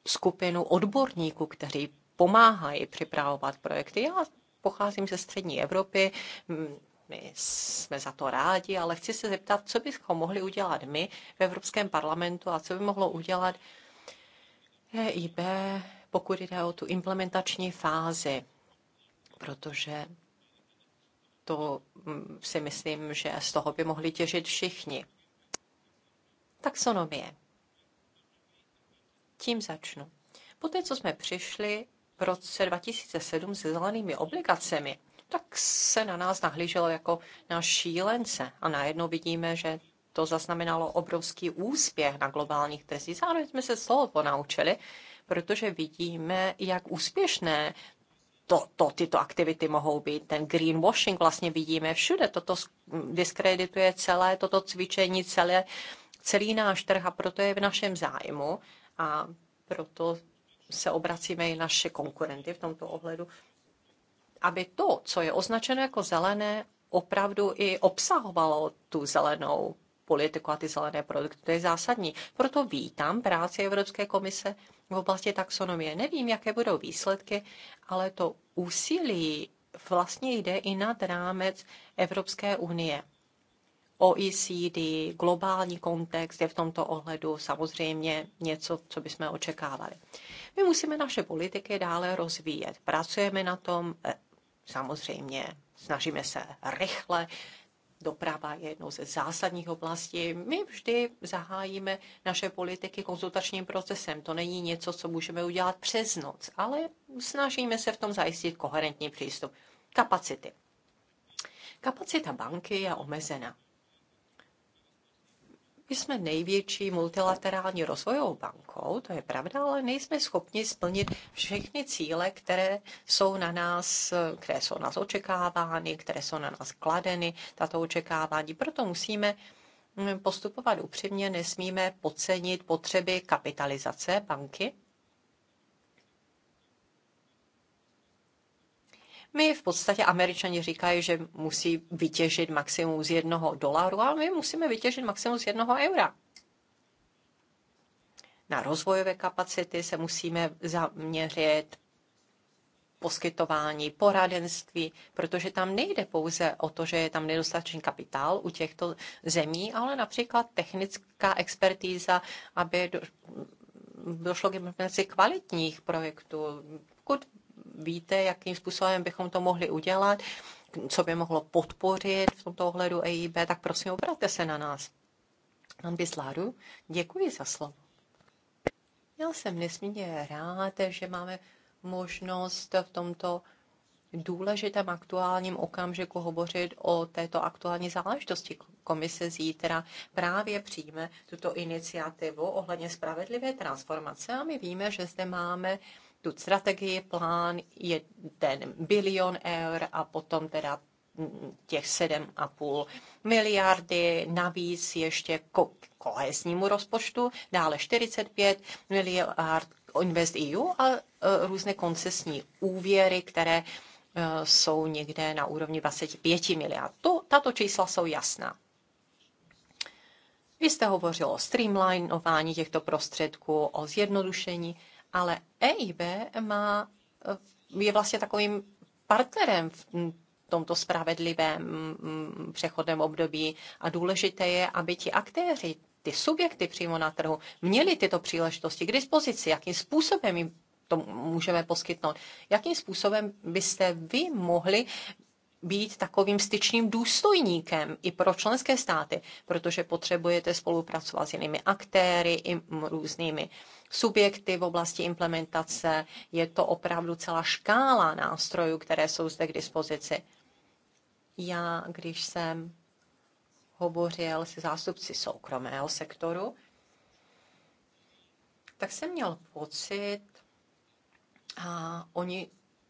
skupinu odborníků, kteří pomáhají připravovat projekty. Já pocházím ze střední Evropy, my jsme za to rádi, ale chci se zeptat, co bychom mohli udělat my v Evropském parlamentu a co by mohlo udělat EIB pokud jde o tu implementační fázi, protože to mm, si myslím, že z toho by mohli těžit všichni. Taxonomie. Tím začnu. Poté, co jsme přišli v roce 2007 se zelenými obligacemi, tak se na nás nahlíželo jako na šílence. A najednou vidíme, že to zaznamenalo obrovský úspěch na globálních trzích. Zároveň jsme se z toho ponaučili, protože vidíme, jak úspěšné to, to, tyto aktivity mohou být. Ten greenwashing vlastně vidíme všude. Toto diskredituje celé toto cvičení, celé, celý náš trh a proto je v našem zájmu a proto se obracíme i naše konkurenty v tomto ohledu, aby to, co je označeno jako zelené, opravdu i obsahovalo tu zelenou politiku a ty zelené produkty. To je zásadní. Proto vítám práci Evropské komise v oblasti taxonomie. Nevím, jaké budou výsledky, ale to úsilí vlastně jde i nad rámec Evropské unie. OECD, globální kontext je v tomto ohledu samozřejmě něco, co bychom očekávali. My musíme naše politiky dále rozvíjet. Pracujeme na tom, eh, samozřejmě snažíme se rychle doprava je jednou ze zásadních oblastí. My vždy zahájíme naše politiky konzultačním procesem. To není něco, co můžeme udělat přes noc, ale snažíme se v tom zajistit koherentní přístup. Kapacity. Kapacita banky je omezená. My jsme největší multilaterální rozvojovou bankou, to je pravda, ale nejsme schopni splnit všechny cíle, které jsou na nás, které jsou nás očekávány, které jsou na nás kladeny, tato očekávání. Proto musíme mm, postupovat upřímně, nesmíme podcenit potřeby kapitalizace banky, My v podstatě američani říkají, že musí vytěžit maximum z jednoho dolaru, ale my musíme vytěžit maximum z jednoho eura. Na rozvojové kapacity se musíme zaměřit, poskytování poradenství, protože tam nejde pouze o to, že je tam nedostatečný kapitál u těchto zemí, ale například technická expertíza, aby došlo k implementaci kvalitních projektů. Pokud víte, jakým způsobem bychom to mohli udělat, co by mohlo podpořit v tomto ohledu EIB, tak prosím, obraťte se na nás. Pan Bisláru, děkuji za slovo. Já jsem nesmírně rád, že máme možnost v tomto důležitém aktuálním okamžiku hovořit o této aktuální záležitosti. Komise zítra právě přijme tuto iniciativu ohledně spravedlivé transformace a my víme, že zde máme uh, tu strategii, plán, je ten bilion eur a potom teda těch 7,5 miliardy, navíc ještě ko- koheznímu rozpočtu, dále 45 miliard Invest EU a e, různé koncesní úvěry, které e, jsou někde na úrovni 25 miliard. To, tato čísla jsou jasná. Vy jste hovořil o streamlinování těchto prostředků, o zjednodušení ale EIB má, je vlastně takovým partnerem v tomto spravedlivém mm, přechodném období a důležité je, aby ti aktéři, ty subjekty přímo na trhu, měli tyto příležitosti k dispozici, jakým způsobem jim to můžeme poskytnout. Jakým způsobem byste vy mohli být takovým styčným důstojníkem i pro členské státy, protože potřebujete spolupracovat s jinými aktéry i různými subjekty v oblasti implementace. Je to opravdu celá škála nástrojů, které jsou zde k dispozici. Já, když jsem hovořil se zástupci soukromého sektoru, tak jsem měl pocit, a oni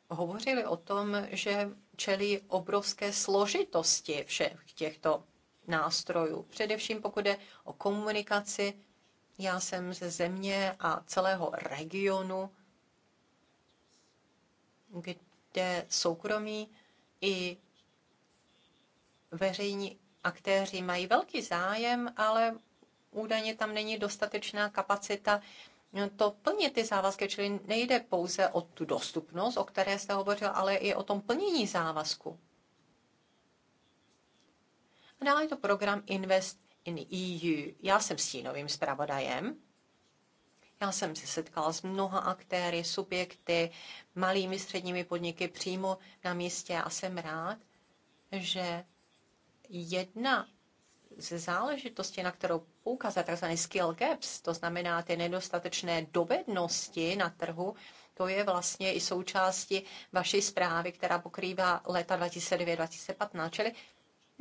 hovořili o tom, že čelí obrovské složitosti všech těchto nástrojů. Především pokud jde o komunikaci já jsem ze země a celého regionu, kde soukromí i veřejní aktéři mají velký zájem, ale údajně tam není dostatečná kapacita to plnit ty závazky, čili nejde pouze o tu dostupnost, o které jste hovořil, ale i o tom plnění závazku. A dále je to program Invest in the EU. Já jsem stínovým zpravodajem. Já jsem se setkala s mnoha aktéry, subjekty, malými středními podniky přímo na místě a jsem rád, že jedna ze záležitostí, na kterou poukazuje tzv. skill gaps, to znamená ty nedostatečné dovednosti na trhu, to je vlastně i součástí vaší zprávy, která pokrývá léta 2009-2015. Čili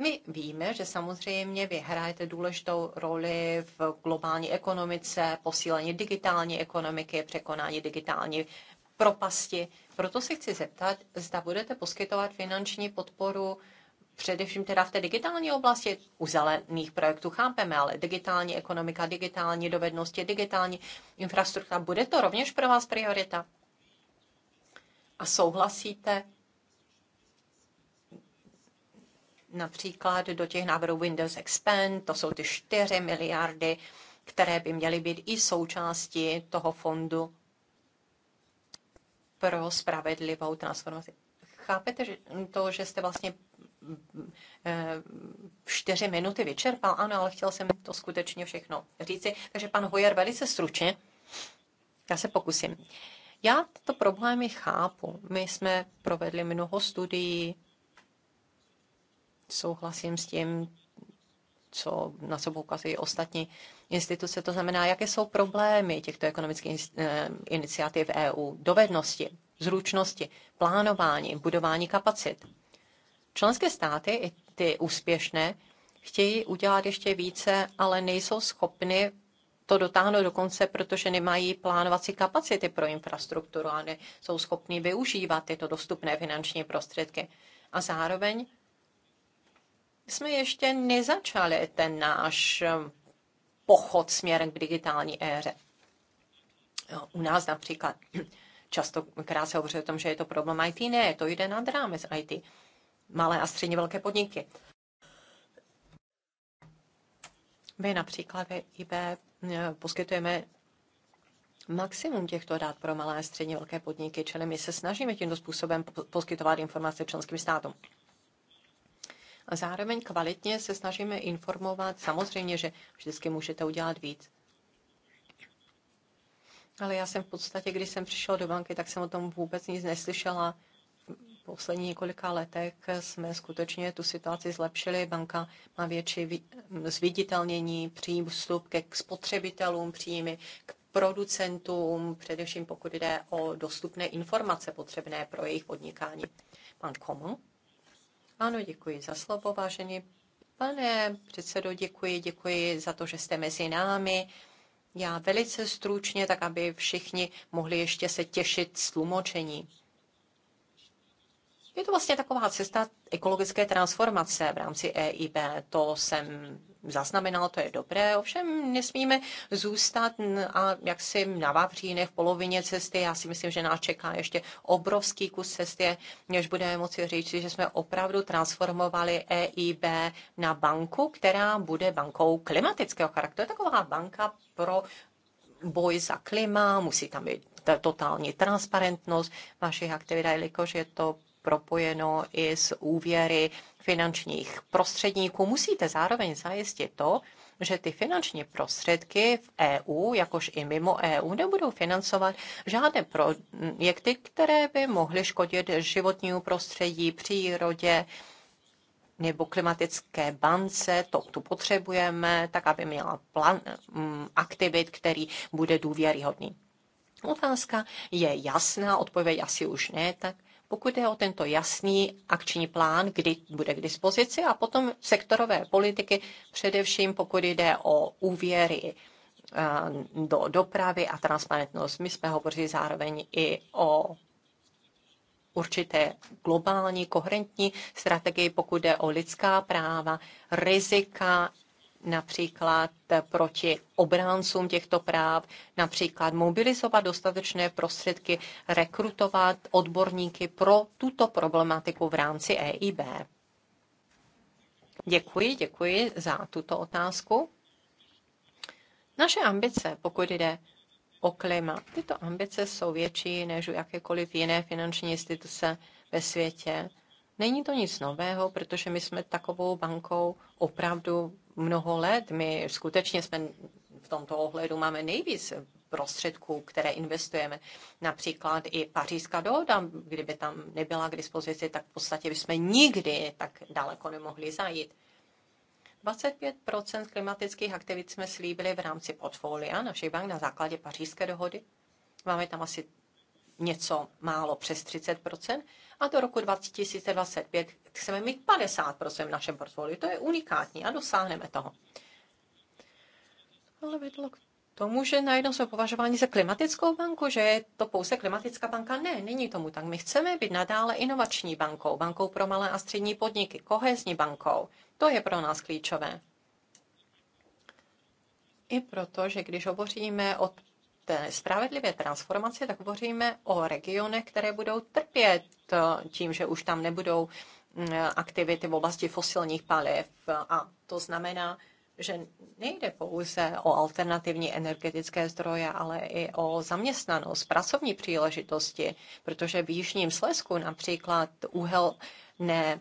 my víme, že samozřejmě vy hrajete důležitou roli v globální ekonomice, posílení digitální ekonomiky, překonání digitální propasti. Proto se chci zeptat, zda budete poskytovat finanční podporu především teda v té digitální oblasti, u zelených projektů chápeme, ale digitální ekonomika, digitální dovednosti, digitální infrastruktura, bude to rovněž pro vás priorita? A souhlasíte například do těch návrhů Windows Expand, to jsou ty 4 miliardy, které by měly být i součástí toho fondu pro spravedlivou transformaci. Chápete že to, že jste vlastně eh, čtyři minuty vyčerpal? Ano, ale chtěl jsem to skutečně všechno říci. Takže pan Hojer velice stručně. Já se pokusím. Já tyto problémy chápu. My jsme provedli mnoho studií, souhlasím s tím, co, na co poukazují ostatní instituce. To znamená, jaké jsou problémy těchto ekonomických eh, iniciativ EU, dovednosti, zručnosti, plánování, budování kapacit. Členské státy, i ty úspěšné, chtějí udělat ještě více, ale nejsou schopny to dotáhnout do konce, protože nemají plánovací kapacity pro infrastrukturu a nejsou schopni využívat tyto dostupné finanční prostředky. A zároveň jsme ještě nezačali ten náš eh, pochod směrem k digitální éře. U nás například často krát se hovoří o tom, že je to problém IT. Ne, to jde nad rámec IT. Malé a středně velké podniky. My například ve IB eh, poskytujeme maximum těchto dát pro malé a středně velké podniky, čili my se snažíme tímto způsobem poskytovat informace členským státům a zároveň kvalitně se snažíme informovat. Samozřejmě, že vždycky můžete udělat víc. Ale já jsem v podstatě, když jsem přišel do banky, tak jsem o tom vůbec nic neslyšela. V posledních několika letech jsme skutečně tu situaci zlepšili. Banka má větší zviditelnění, přístup ke spotřebitelům, příjmy k producentům, především pokud jde o dostupné informace potřebné pro jejich podnikání. Pan Komu? Ano, děkuji za slovo, vážený pane předsedo, děkuji, děkuji za to, že jste mezi námi. Já velice stručně, tak aby všichni mohli ještě se těšit z tlumočení. Je to vlastně taková cesta ekologické transformace v rámci EIB. To jsem zaznamenal, to je dobré, ovšem nesmíme zůstat a jak si na Vavřínech v polovině cesty, já si myslím, že nás čeká ještě obrovský kus cesty, než budeme moci říct, že jsme opravdu transformovali EIB na banku, která bude bankou klimatického charakteru. To je taková banka pro boj za klima, musí tam být totální transparentnost vašich aktivit, jelikož je to propojeno i s úvěry finančních prostředníků, musíte zároveň zajistit to, že ty finanční prostředky v EU, jakož i mimo EU, nebudou financovat žádné projekty, které by mohly škodit životnímu prostředí, přírodě nebo klimatické bance, to tu potřebujeme, tak aby měla plán mm, aktivit, který bude důvěryhodný. Otázka je jasná, odpověď asi už ne, tak pokud je o tento jasný akční plán, kdy bude k dispozici a potom sektorové politiky, především pokud jde o úvěry eh, do dopravy a transparentnost. My jsme hovořili zároveň i o určité globální, koherentní strategii, pokud jde o lidská práva, rizika například proti obráncům těchto práv, například mobilizovat dostatečné prostředky, rekrutovat odborníky pro tuto problematiku v rámci EIB. Děkuji, děkuji za tuto otázku. Naše ambice, pokud jde o klima, tyto ambice jsou větší než u jakékoliv jiné finanční instituce ve světě. Není to nic nového, protože my jsme takovou bankou opravdu mnoho let. My skutečně jsme v tomto ohledu máme nejvíc prostředků, které investujeme. Například i pařížská dohoda, kdyby tam nebyla k dispozici, tak v podstatě bychom nikdy tak daleko nemohli zajít. 25 klimatických aktivit jsme slíbili v rámci portfolia našich bank na základě pařížské dohody. Máme tam asi něco málo přes 30 a do roku 2025 chceme mít 50 v našem portfoliu. To je unikátní a dosáhneme toho. Ale vedlo k tomu, že najednou jsme považováni za klimatickou banku, že je to pouze klimatická banka. Ne, není tomu tak. My chceme být nadále inovační bankou, bankou pro malé a střední podniky, kohezní bankou. To je pro nás klíčové. I proto, že když hovoříme o té spravedlivé transformaci, tak hovoříme o regionech, které budou trpět eh, tím, že už tam nebudou mm, aktivity v oblasti fosilních paliv. A to znamená, že nejde pouze o alternativní energetické zdroje, ale i o zaměstnanost, pracovní příležitosti, protože v Jižním Slesku například uhelné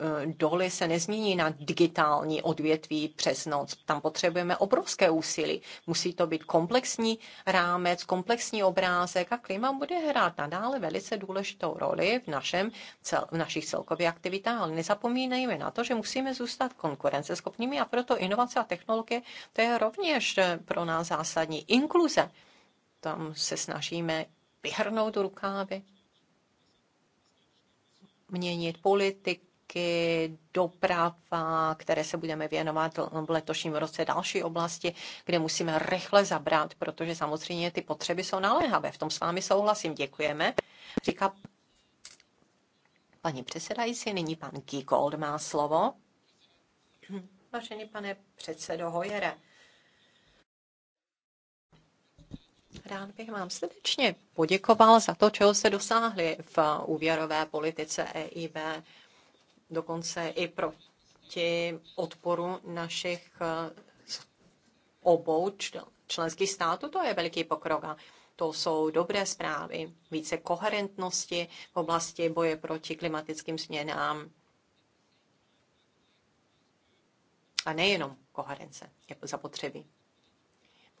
Eh, doly se nezmění na digitální odvětví přes noc. Tam potřebujeme obrovské úsilí. Musí to být komplexní rámec, komplexní obrázek a klima bude hrát nadále velice důležitou roli v, našem, cel, v našich celkových aktivitách. Ale nezapomínejme na to, že musíme zůstat konkurenceschopnými a proto inovace a technologie, to je rovněž eh, pro nás zásadní. Inkluze, tam se snažíme vyhrnout rukávy, měnit politik, taky doprava, které se budeme věnovat v letošním roce, další oblasti, kde musíme rychle zabrat, protože samozřejmě ty potřeby jsou naléhavé. V tom s vámi souhlasím. Děkujeme. Říká paní předsedající, nyní pan Giegold má slovo. Vážený pane předsedo Hojere, Rád bych vám srdečně poděkoval za to, čeho se dosáhli v úvěrové politice EIB dokonce i proti odporu našich eh, obou členských států. To je veliký pokrok a to jsou dobré zprávy. Více koherentnosti v oblasti boje proti klimatickým změnám. A nejenom koherence je zapotřebí.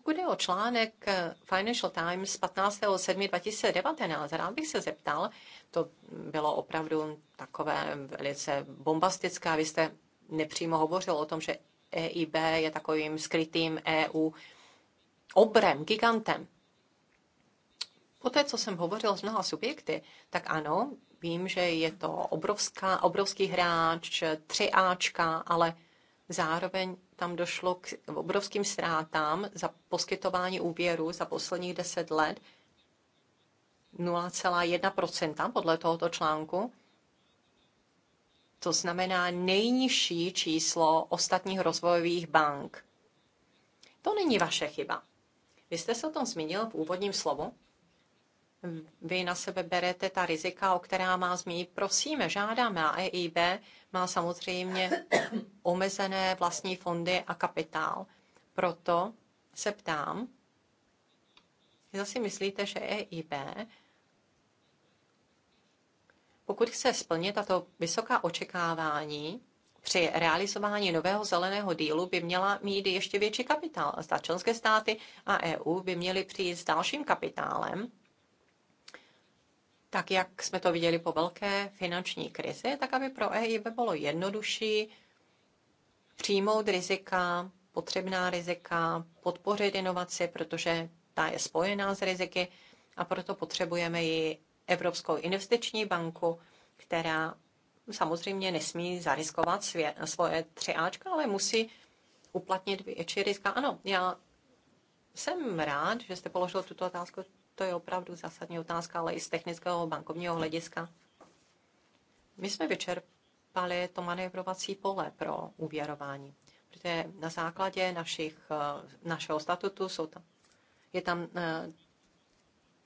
Pokud je o článek eh, Financial Times 15.7.2019, rád bych se zeptal, to bylo opravdu takové velice bombastické, vy jste nepřímo hovořil o tom, že EIB je takovým skrytým EU obrem, gigantem. té, co jsem hovořil s mnoha subjekty, tak ano, vím, že je to obrovská, obrovský hráč, 3 Ačka, ale zároveň tam došlo k obrovským ztrátám za poskytování úvěru za posledních 10 let 0,1 podle tohoto článku. To znamená nejnižší číslo ostatních rozvojových bank. To není vaše chyba. Vy jste se o tom zmínil v úvodním slovu vy na sebe berete ta rizika, o která má zmínit, prosíme, žádáme. A EIB má samozřejmě omezené vlastní fondy a kapitál. Proto se ptám, zase myslíte, že EIB, pokud chce splnit tato vysoká očekávání, při realizování nového zeleného dílu by měla mít ještě větší kapitál. Zda členské státy a EU by měly přijít s dalším kapitálem, tak jak jsme to viděli po velké finanční krizi, tak aby pro EIB bylo jednodušší přijmout rizika, potřebná rizika, podpořit inovaci, protože ta je spojená s riziky a proto potřebujeme i Evropskou investiční banku, která samozřejmě nesmí zariskovat svě, svoje 3Ačka, ale musí uplatnit větší rizika. Ano, já jsem rád, že jste položil tuto otázku to je opravdu zásadní otázka, ale i z technického bankovního hlediska. My jsme vyčerpali to manévrovací pole pro uvěrování, protože na základě našich, eh, našeho statutu jsou tam, je tam eh,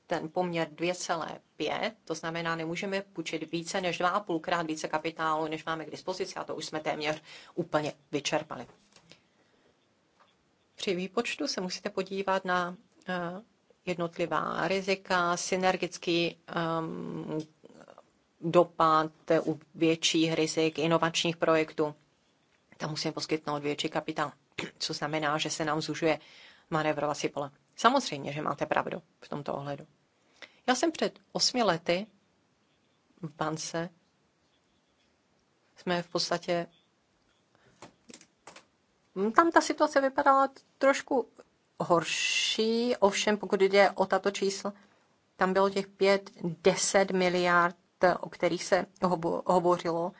ten poměr 2,5, to znamená, nemůžeme půjčit více než 2,5 krát více kapitálu, než máme k dispozici a to už jsme téměř úplně vyčerpali. Při výpočtu se musíte podívat na eh, jednotlivá rizika, synergický um, dopad u větších rizik inovačních projektů. Tam musíme poskytnout větší kapitál, co znamená, že se nám zužuje manévrovací pole. Samozřejmě, že máte pravdu v tomto ohledu. Já jsem před osmi lety v bance. Jsme v podstatě hm, tam ta situace vypadala trošku horší, ovšem pokud jde o tato čísla, tam bylo těch 5-10 miliard, o kterých se hovořilo.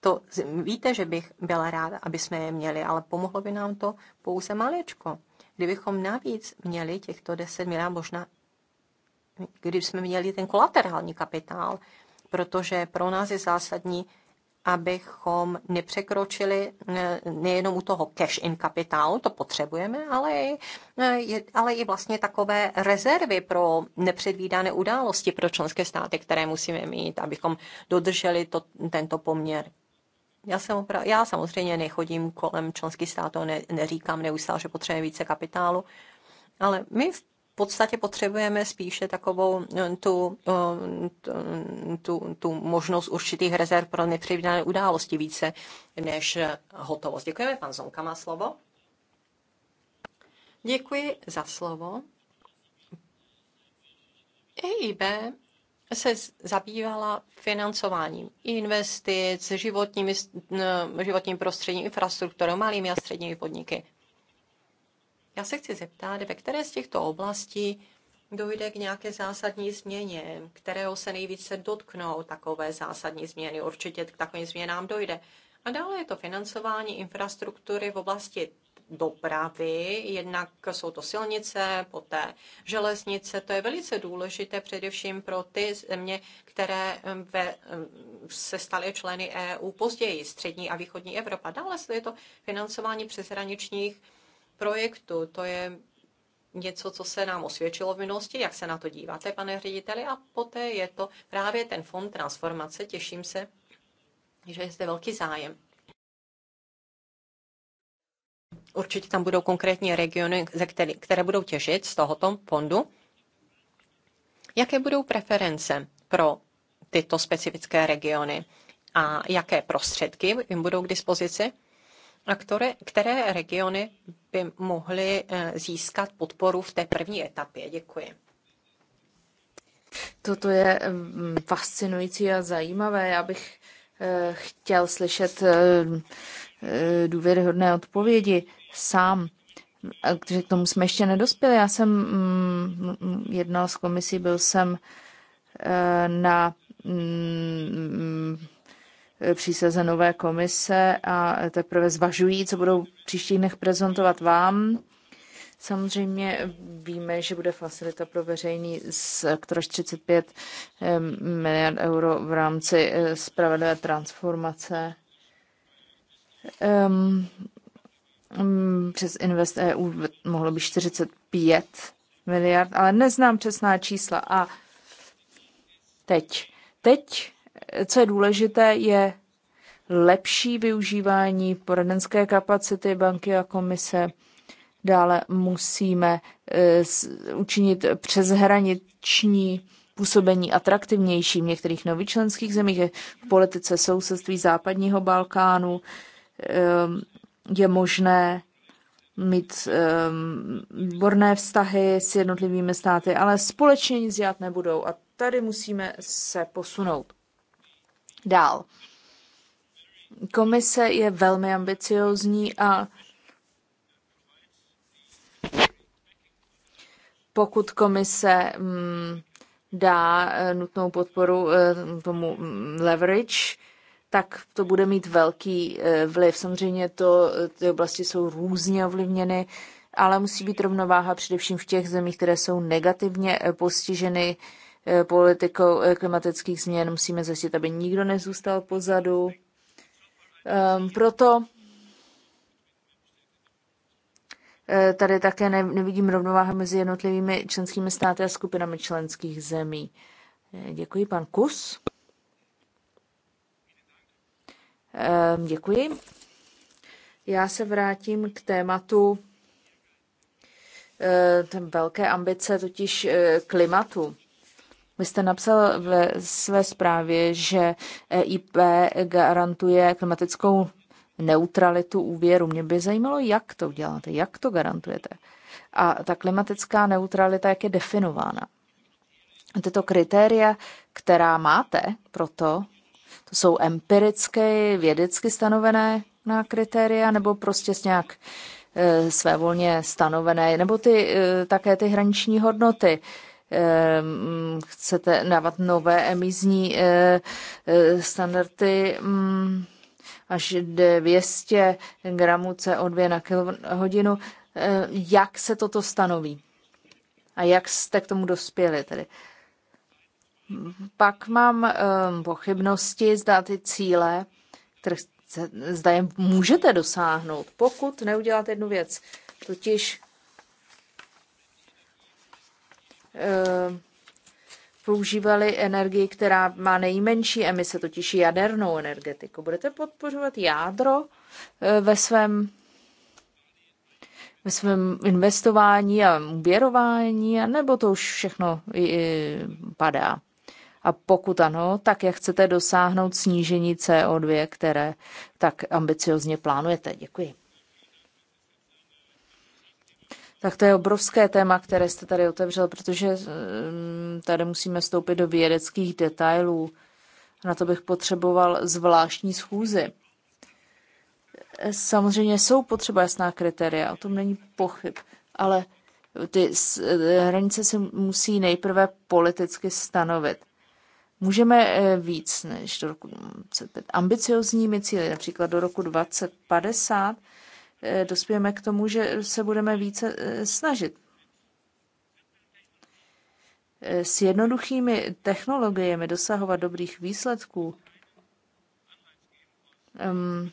To víte, že bych byla ráda, aby jsme je měli, ale pomohlo by nám to pouze maličko. Kdybychom navíc měli těchto 10 miliard, možná kdyby jsme měli ten kolaterální kapitál, protože pro nás je zásadní abychom nepřekročili eh, nejenom u toho cash in kapitálu, to potřebujeme, ale i, eh, ale i vlastně takové rezervy pro nepředvídané události pro členské státy, které musíme mít, abychom dodrželi to, tento poměr. Já, jsem opravdu, já samozřejmě nechodím kolem členských států, ne, neříkám neustále, že potřebujeme více kapitálu, ale my v podstatě potřebujeme spíše takovou eh, tu, eh, tu, tu možnost určitých rezerv pro nepředvídané události více než eh, hotovost. Děkujeme, pan Zonka má slovo. Děkuji za slovo. EIB se zabývala financováním investic, životními, životním prostředím, infrastrukturou, malými a středními podniky. Já se chci zeptat, ve které z těchto oblastí dojde k nějaké zásadní změně, kterého se nejvíce dotknou takové zásadní změny. Určitě k takovým změnám dojde. A dále je to financování infrastruktury v oblasti dopravy, jednak jsou to silnice, poté železnice. To je velice důležité především pro ty země, které ve, se staly členy EU později, střední a východní Evropa. Dále je to financování přeshraničních projektu. To je něco, co se nám osvědčilo v minulosti, jak se na to díváte, pane řediteli, a poté je to právě ten fond transformace. Těším se, že je zde velký zájem. Určitě tam budou konkrétní regiony, které, které budou těžit z tohoto fondu. Jaké budou preference pro tyto specifické regiony a jaké prostředky jim budou k dispozici? a které, které regiony by mohly eh, získat podporu v té první etapě? Děkuji. Toto je mm, fascinující a zajímavé. Já bych eh, chtěl slyšet eh, důvěryhodné odpovědi sám, protože k tomu jsme ještě nedospěli. Já jsem mm, mm, jednal s komisí, byl jsem na Eh, přísaze nové komise a teprve zvažují, co budou příští dnech prezentovat vám. Samozřejmě víme, že bude facilita pro veřejný z 35 eh, miliard euro v rámci eh, spravedlivé transformace. Um, přes Invest EU mohlo být 45 miliard, ale neznám přesná čísla. A teď, teď co je důležité, je lepší využívání poradenské kapacity banky a komise. Dále musíme eh, učinit přeshraniční působení atraktivnější v některých novičlenských zemích, v politice sousedství západního Balkánu eh, je možné mít eh, borné vztahy s jednotlivými státy, ale společně nic dělat nebudou a tady musíme se posunout. Dál. Komise je velmi ambiciozní a pokud komise mm, dá eh, nutnou podporu eh, tomu mm, leverage, tak to bude mít velký eh, vliv. Samozřejmě to, ty oblasti jsou různě ovlivněny, ale musí být rovnováha především v těch zemích, které jsou negativně postiženy Eh, politikou eh, klimatických změn. Musíme zajistit, aby nikdo nezůstal pozadu. Ehm, proto eh, tady také nevidím rovnováhu mezi jednotlivými členskými státy a skupinami členských zemí. Děkuji, pan Kus. Ehm, děkuji. Já se vrátím k tématu ten velké ambice, totiž klimatu. Vy jste napsal ve své zprávě, že EIP garantuje klimatickou neutralitu úvěru. Mě by zajímalo, jak to uděláte, jak to garantujete. A ta klimatická neutralita, jak je definována. Tyto kritéria, která máte pro to to jsou empirické, vědecky stanovené na kritéria, nebo prostě s nějak eh, svévolně stanovené, nebo ty, eh, také ty hraniční hodnoty. Ehm, chcete dávat nové emizní eh, eh, standardy mm, až 200 gramů CO2 na hodinu. Eh, jak se toto stanoví? A jak jste k tomu dospěli tedy? Pak mám ehm, pochybnosti, zda ty cíle, které zda je můžete dosáhnout, pokud neuděláte jednu věc, totiž Eh, používali energii, která má nejmenší emise, totiž jadernou energetiku. Budete podpořovat jádro eh, ve svém, ve svém investování a úvěrování, nebo to už všechno padá? A pokud ano, tak jak chcete dosáhnout snížení CO2, které tak ambiciozně plánujete? Děkuji. Tak to je obrovské téma, které jste tady otevřel, protože eh, tady musíme vstoupit do vědeckých detailů. Na to bych potřeboval zvláštní schůzi. Samozřejmě jsou potřeba jasná kritéria, o tom není pochyb, ale ty eh, hranice se musí nejprve politicky stanovit. Můžeme eh, víc než do roku 25. Ambiciozními cíly, například do roku 2050, Eh, dospějeme k tomu, že se budeme více eh, snažit. Eh, s jednoduchými technologiemi dosahovat dobrých výsledků ehm,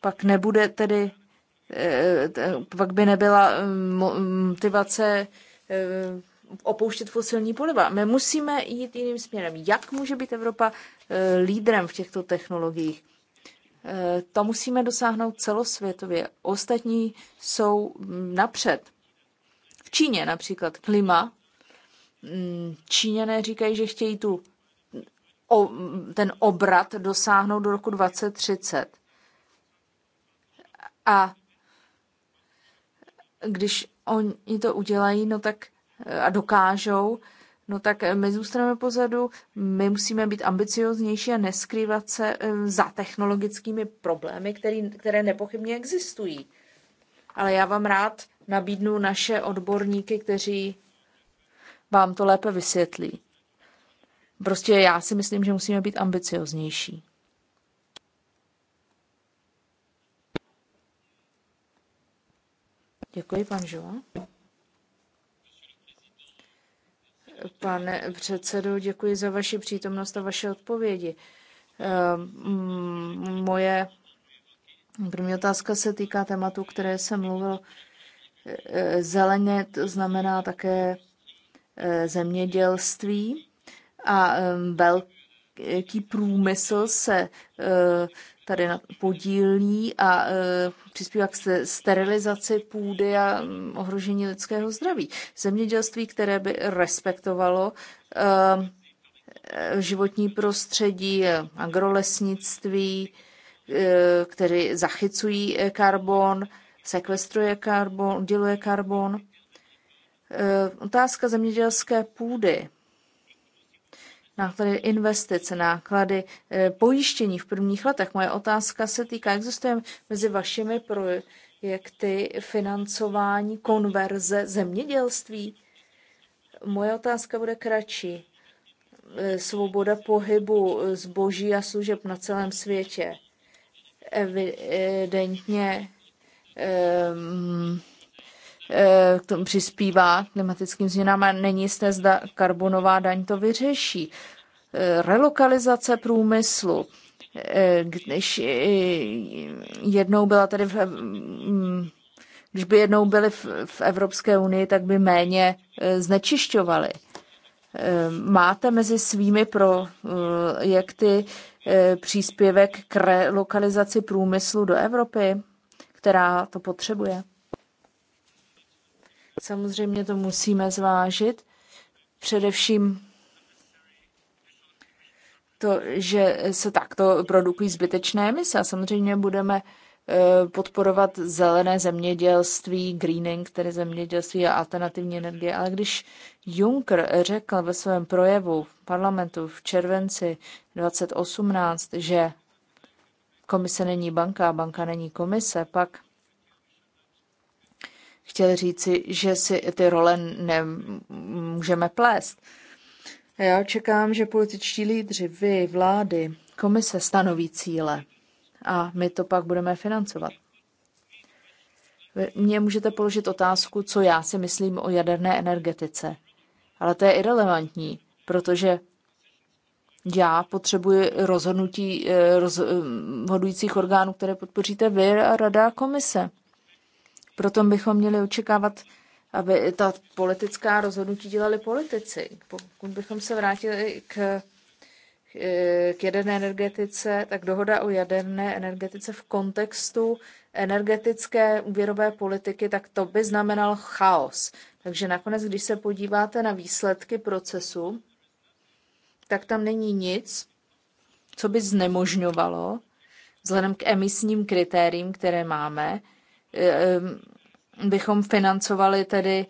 pak nebude tedy, pak by nebyla ehm, motivace opouštět fosilní poliva. My musíme jít jiným směrem. Jak může být Evropa lídrem v těchto technologiích? Eh, to musíme dosáhnout celosvětově. Ostatní jsou mm, napřed. V Číně například klima. Mm, Číňané říkají, že chtějí tu, ten obrat dosáhnout do roku 2030. A když oni to udělají, no tak eh, a dokážou, no tak eh, my zůstaneme pozadu, my musíme být ambicioznější a neskrývat se eh, za technologickými problémy, který, které nepochybně existují. Ale já vám rád nabídnu naše odborníky, kteří vám to lépe vysvětlí. Prostě já si myslím, že musíme být ambicioznější. Děkuji, pan Žova pane předsedo, děkuji za vaši přítomnost a vaše odpovědi. Ehm, mm, moje první otázka se týká tématu, které jsem mluvil. E, e, zeleně to znamená také e, zemědělství a ehm, velký průmysl se tady podílí a e, přispívá k sterilizaci půdy a mm, ohrožení lidského zdraví. Zemědělství, které by respektovalo e, e, životní prostředí, agrolesnictví, které zachycují karbon, sekvestruje karbon, uděluje karbon. Otázka zemědělské půdy náklady investice, náklady eh, pojištění v prvních letech. Moje otázka se týká, existuje mezi vašimi projekty financování konverze zemědělství? Moje otázka bude kratší. Eh, svoboda pohybu zboží a služeb na celém světě. Evidentně um, Eh, k tomu přispívá klimatickým změnám a není jisté, zda karbonová daň to vyřeší. Eh, relokalizace průmyslu. Eh, když jednou byla tady v, mm, když by jednou byli v, v Evropské unii, tak by méně znečišťovali. Máte mezi svými projekty příspěvek k relokalizaci průmyslu do Evropy, která to potřebuje? Samozřejmě to musíme zvážit. Především to, že se takto produkují zbytečné emise a samozřejmě budeme eh, podporovat zelené zemědělství, greening, tedy zemědělství a alternativní energie. Ale když Juncker řekl ve svém projevu v parlamentu v červenci 2018, že komise není banka a banka není komise, pak chtěl říci, že si ty role nemůžeme plést. A já čekám, že političtí lídři, vy, vlády, komise stanoví cíle a my to pak budeme financovat. Mně můžete položit otázku, co já si myslím o jaderné energetice, ale to je irrelevantní, protože já potřebuji rozhodnutí eh, rozhodujících orgánů, které podpoříte vy a rada a komise. Proto bychom měli očekávat, aby ta politická rozhodnutí dělali politici. Pokud bychom se vrátili k, k jaderné energetice, tak dohoda o jaderné energetice v kontextu energetické úvěrové politiky, tak to by znamenal chaos. Takže nakonec, když se podíváte na výsledky procesu, tak tam není nic, co by znemožňovalo, vzhledem k emisním kritériím, které máme, Ehm, bychom financovali tedy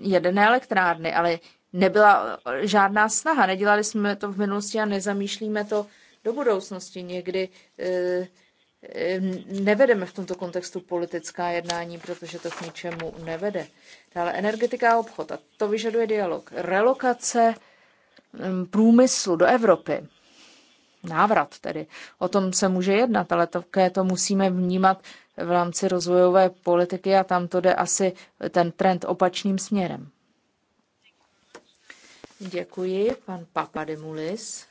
jedné elektrárny, ale nebyla žádná snaha. Nedělali jsme to v minulosti a nezamýšlíme to do budoucnosti. Někdy ehm, nevedeme v tomto kontextu politická jednání, protože to k ničemu nevede. Dále energetika a obchod. A to vyžaduje dialog. Relokace ehm, průmyslu do Evropy. Návrat tedy. O tom se může jednat, ale také to musíme vnímat v rámci rozvojové politiky a tam to jde asi ten trend opačným směrem. Děkuji, pan Papademulis.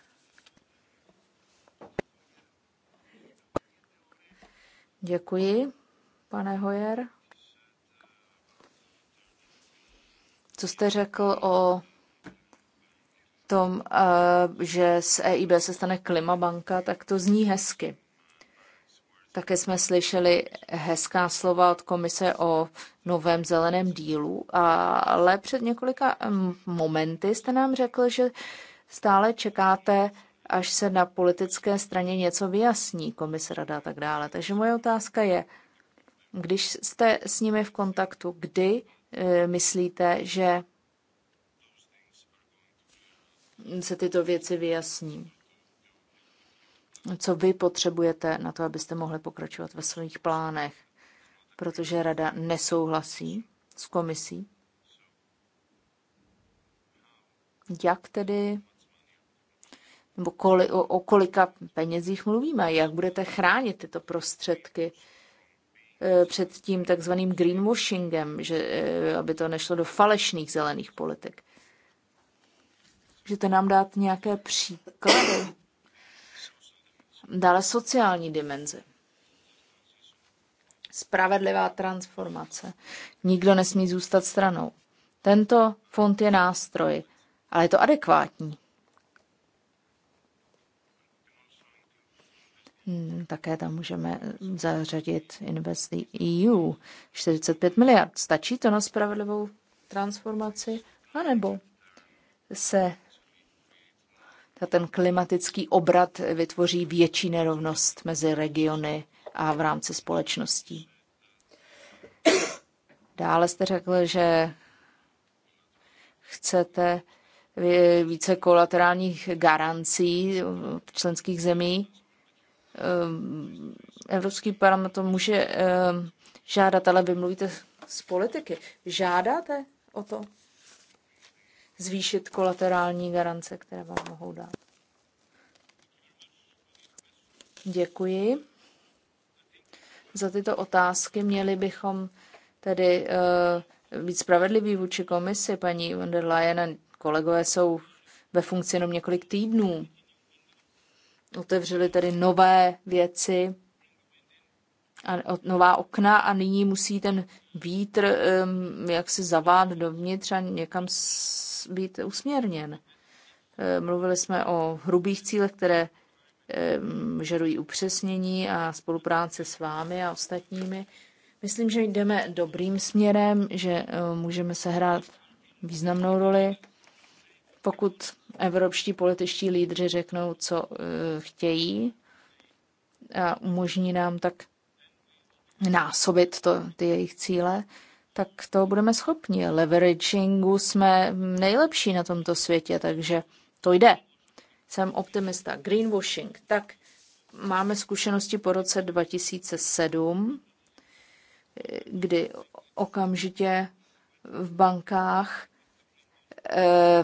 Děkuji, pane Hojer. Co jste řekl o tom, eh, že z EIB se stane klimabanka, tak to zní hezky. Také jsme slyšeli hezká slova od komise o novém zeleném dílu, ale před několika mm, momenty jste nám řekl, že stále čekáte, až se na politické straně něco vyjasní, komise, rada a tak dále. Takže moje otázka je, když jste s nimi v kontaktu, kdy e, myslíte, že se tyto věci vyjasní? co vy potřebujete na to, abyste mohli pokračovat ve svých plánech, protože rada nesouhlasí s komisí. Jak tedy, nebo koli, o, o kolika penězích mluvíme, jak budete chránit tyto prostředky e, před tím takzvaným greenwashingem, že, e, aby to nešlo do falešných zelených politik. Můžete nám dát nějaké příklady? Dále sociální dimenze, Spravedlivá transformace. Nikdo nesmí zůstat stranou. Tento fond je nástroj, ale je to adekvátní. Hmm, také tam můžeme zařadit Invest EU. 45 miliard. Stačí to na spravedlivou transformaci? A nebo se ten klimatický obrat vytvoří větší nerovnost mezi regiony a v rámci společností. Dále jste řekl, že chcete více kolaterálních garancí členských zemí. Ehm, Evropský parlament to může ehm, žádat, ale vy mluvíte z politiky. Žádáte o to? zvýšit kolaterální garance, které vám mohou dát. Děkuji za tyto otázky. Měli bychom tedy uh, být spravedliví vůči komisi. Paní von der Leyen a kolegové jsou ve funkci jenom několik týdnů. Otevřeli tedy nové věci, a nová okna a nyní musí ten vítr um, jak se zavát dovnitř a někam být usměrněn. Eh, mluvili jsme o hrubých cílech, které žadují upřesnění a spolupráce s vámi a ostatními. Myslím, že jdeme dobrým směrem, že eh, můžeme sehrát významnou roli. Pokud evropští političtí lídři řeknou, co eh, chtějí, a umožní nám tak násobit to, ty jejich cíle, tak toho budeme schopni. Leveragingu jsme nejlepší na tomto světě, takže to jde. Jsem optimista. Greenwashing. Tak máme zkušenosti po roce 2007, kdy okamžitě v bankách eh,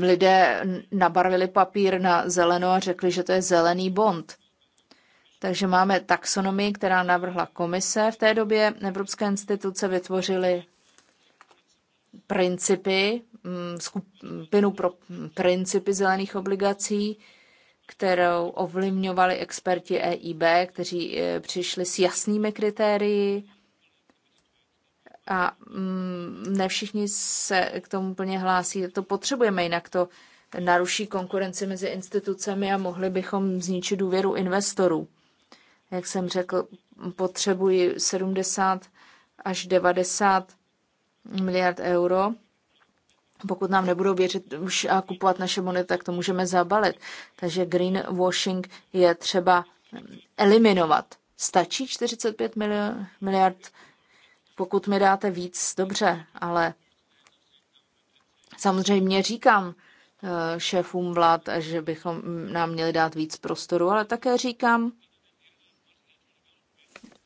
lidé nabarvili papír na zeleno a řekli, že to je zelený bond. Takže máme taxonomii, která navrhla komise. V té době evropské instituce vytvořily principy, mm, skupinu pro principy zelených obligací, kterou ovlivňovali experti EIB, kteří e, přišli s jasnými kritérii a mm, ne všichni se k tomu plně hlásí. To potřebujeme, jinak to naruší konkurenci mezi institucemi a mohli bychom zničit důvěru investorů. Jak jsem řekl, potřebuji 70 až 90 miliard euro. Pokud nám nebudou věřit už a kupovat naše monety, tak to můžeme zabalit. Takže greenwashing je třeba eliminovat. Stačí 45 miliard? Pokud mi dáte víc, dobře, ale samozřejmě říkám eh, šéfům vlád, že bychom nám měli dát víc prostoru, ale také říkám,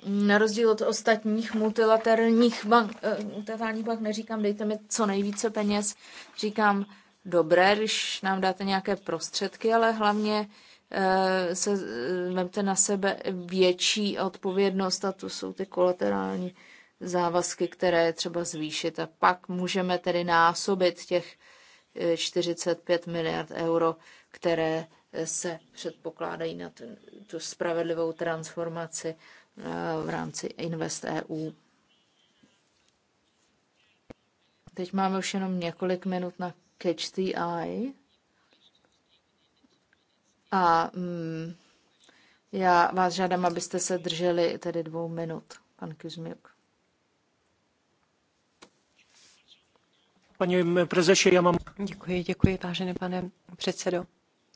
na rozdíl od ostatních multilaterálních bank, eh, multilaterálních bank neříkám, dejte mi co nejvíce peněz, říkám, dobré, když nám dáte nějaké prostředky, ale hlavně eh, se eh, vemte na sebe větší odpovědnost a to jsou ty kolaterální závazky, které je třeba zvýšit a pak můžeme tedy násobit těch 45 miliard euro, které se předpokládají na tu spravedlivou transformaci Eh, v rámci Invest EU. Teď máme už jenom několik minut na Catch the Eye. A mm, já vás žádám, abyste se drželi tedy dvou minut, pan Kuzmiuk. Paní prezeši, já mám... Děkuji, děkuji, vážený pane předsedo.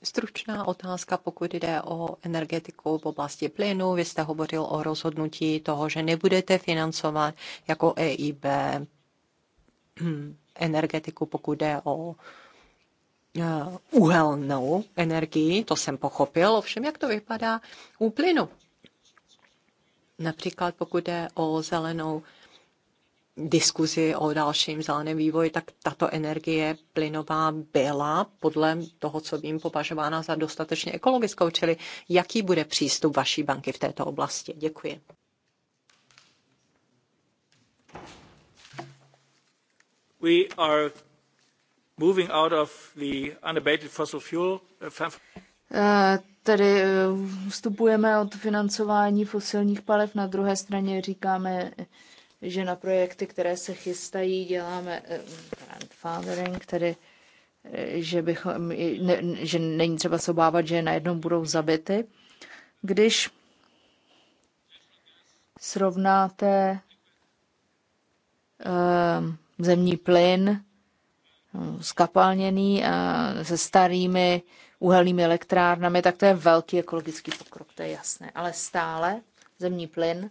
Stručná otázka, pokud jde o energetiku v oblasti plynu. Vy jste hovořil o rozhodnutí toho, že nebudete financovat jako EIB energetiku, pokud jde o eh, uhelnou energii, to jsem pochopil, ovšem jak to vypadá u plynu. Například pokud jde o zelenou diskuzi o dalším zeleném vývoji, tak tato energie plynová byla podle toho, co vím, považována za dostatečně ekologickou, čili jaký bude přístup vaší banky v této oblasti. Děkuji. We are moving out of the unabated fossil fuel. Uh, eh, tedy eh, vstupujeme od financování fosilních paliv, na druhé straně říkáme že na projekty, které se chystají, děláme eh, grandfathering, tedy eh, že, bychom, ne, že není třeba se obávat, že najednou budou zabity. Když srovnáte eh, zemní plyn eh, skapalněný a se starými uhelnými elektrárnami, tak to je velký ekologický pokrok, to je jasné. Ale stále zemní plyn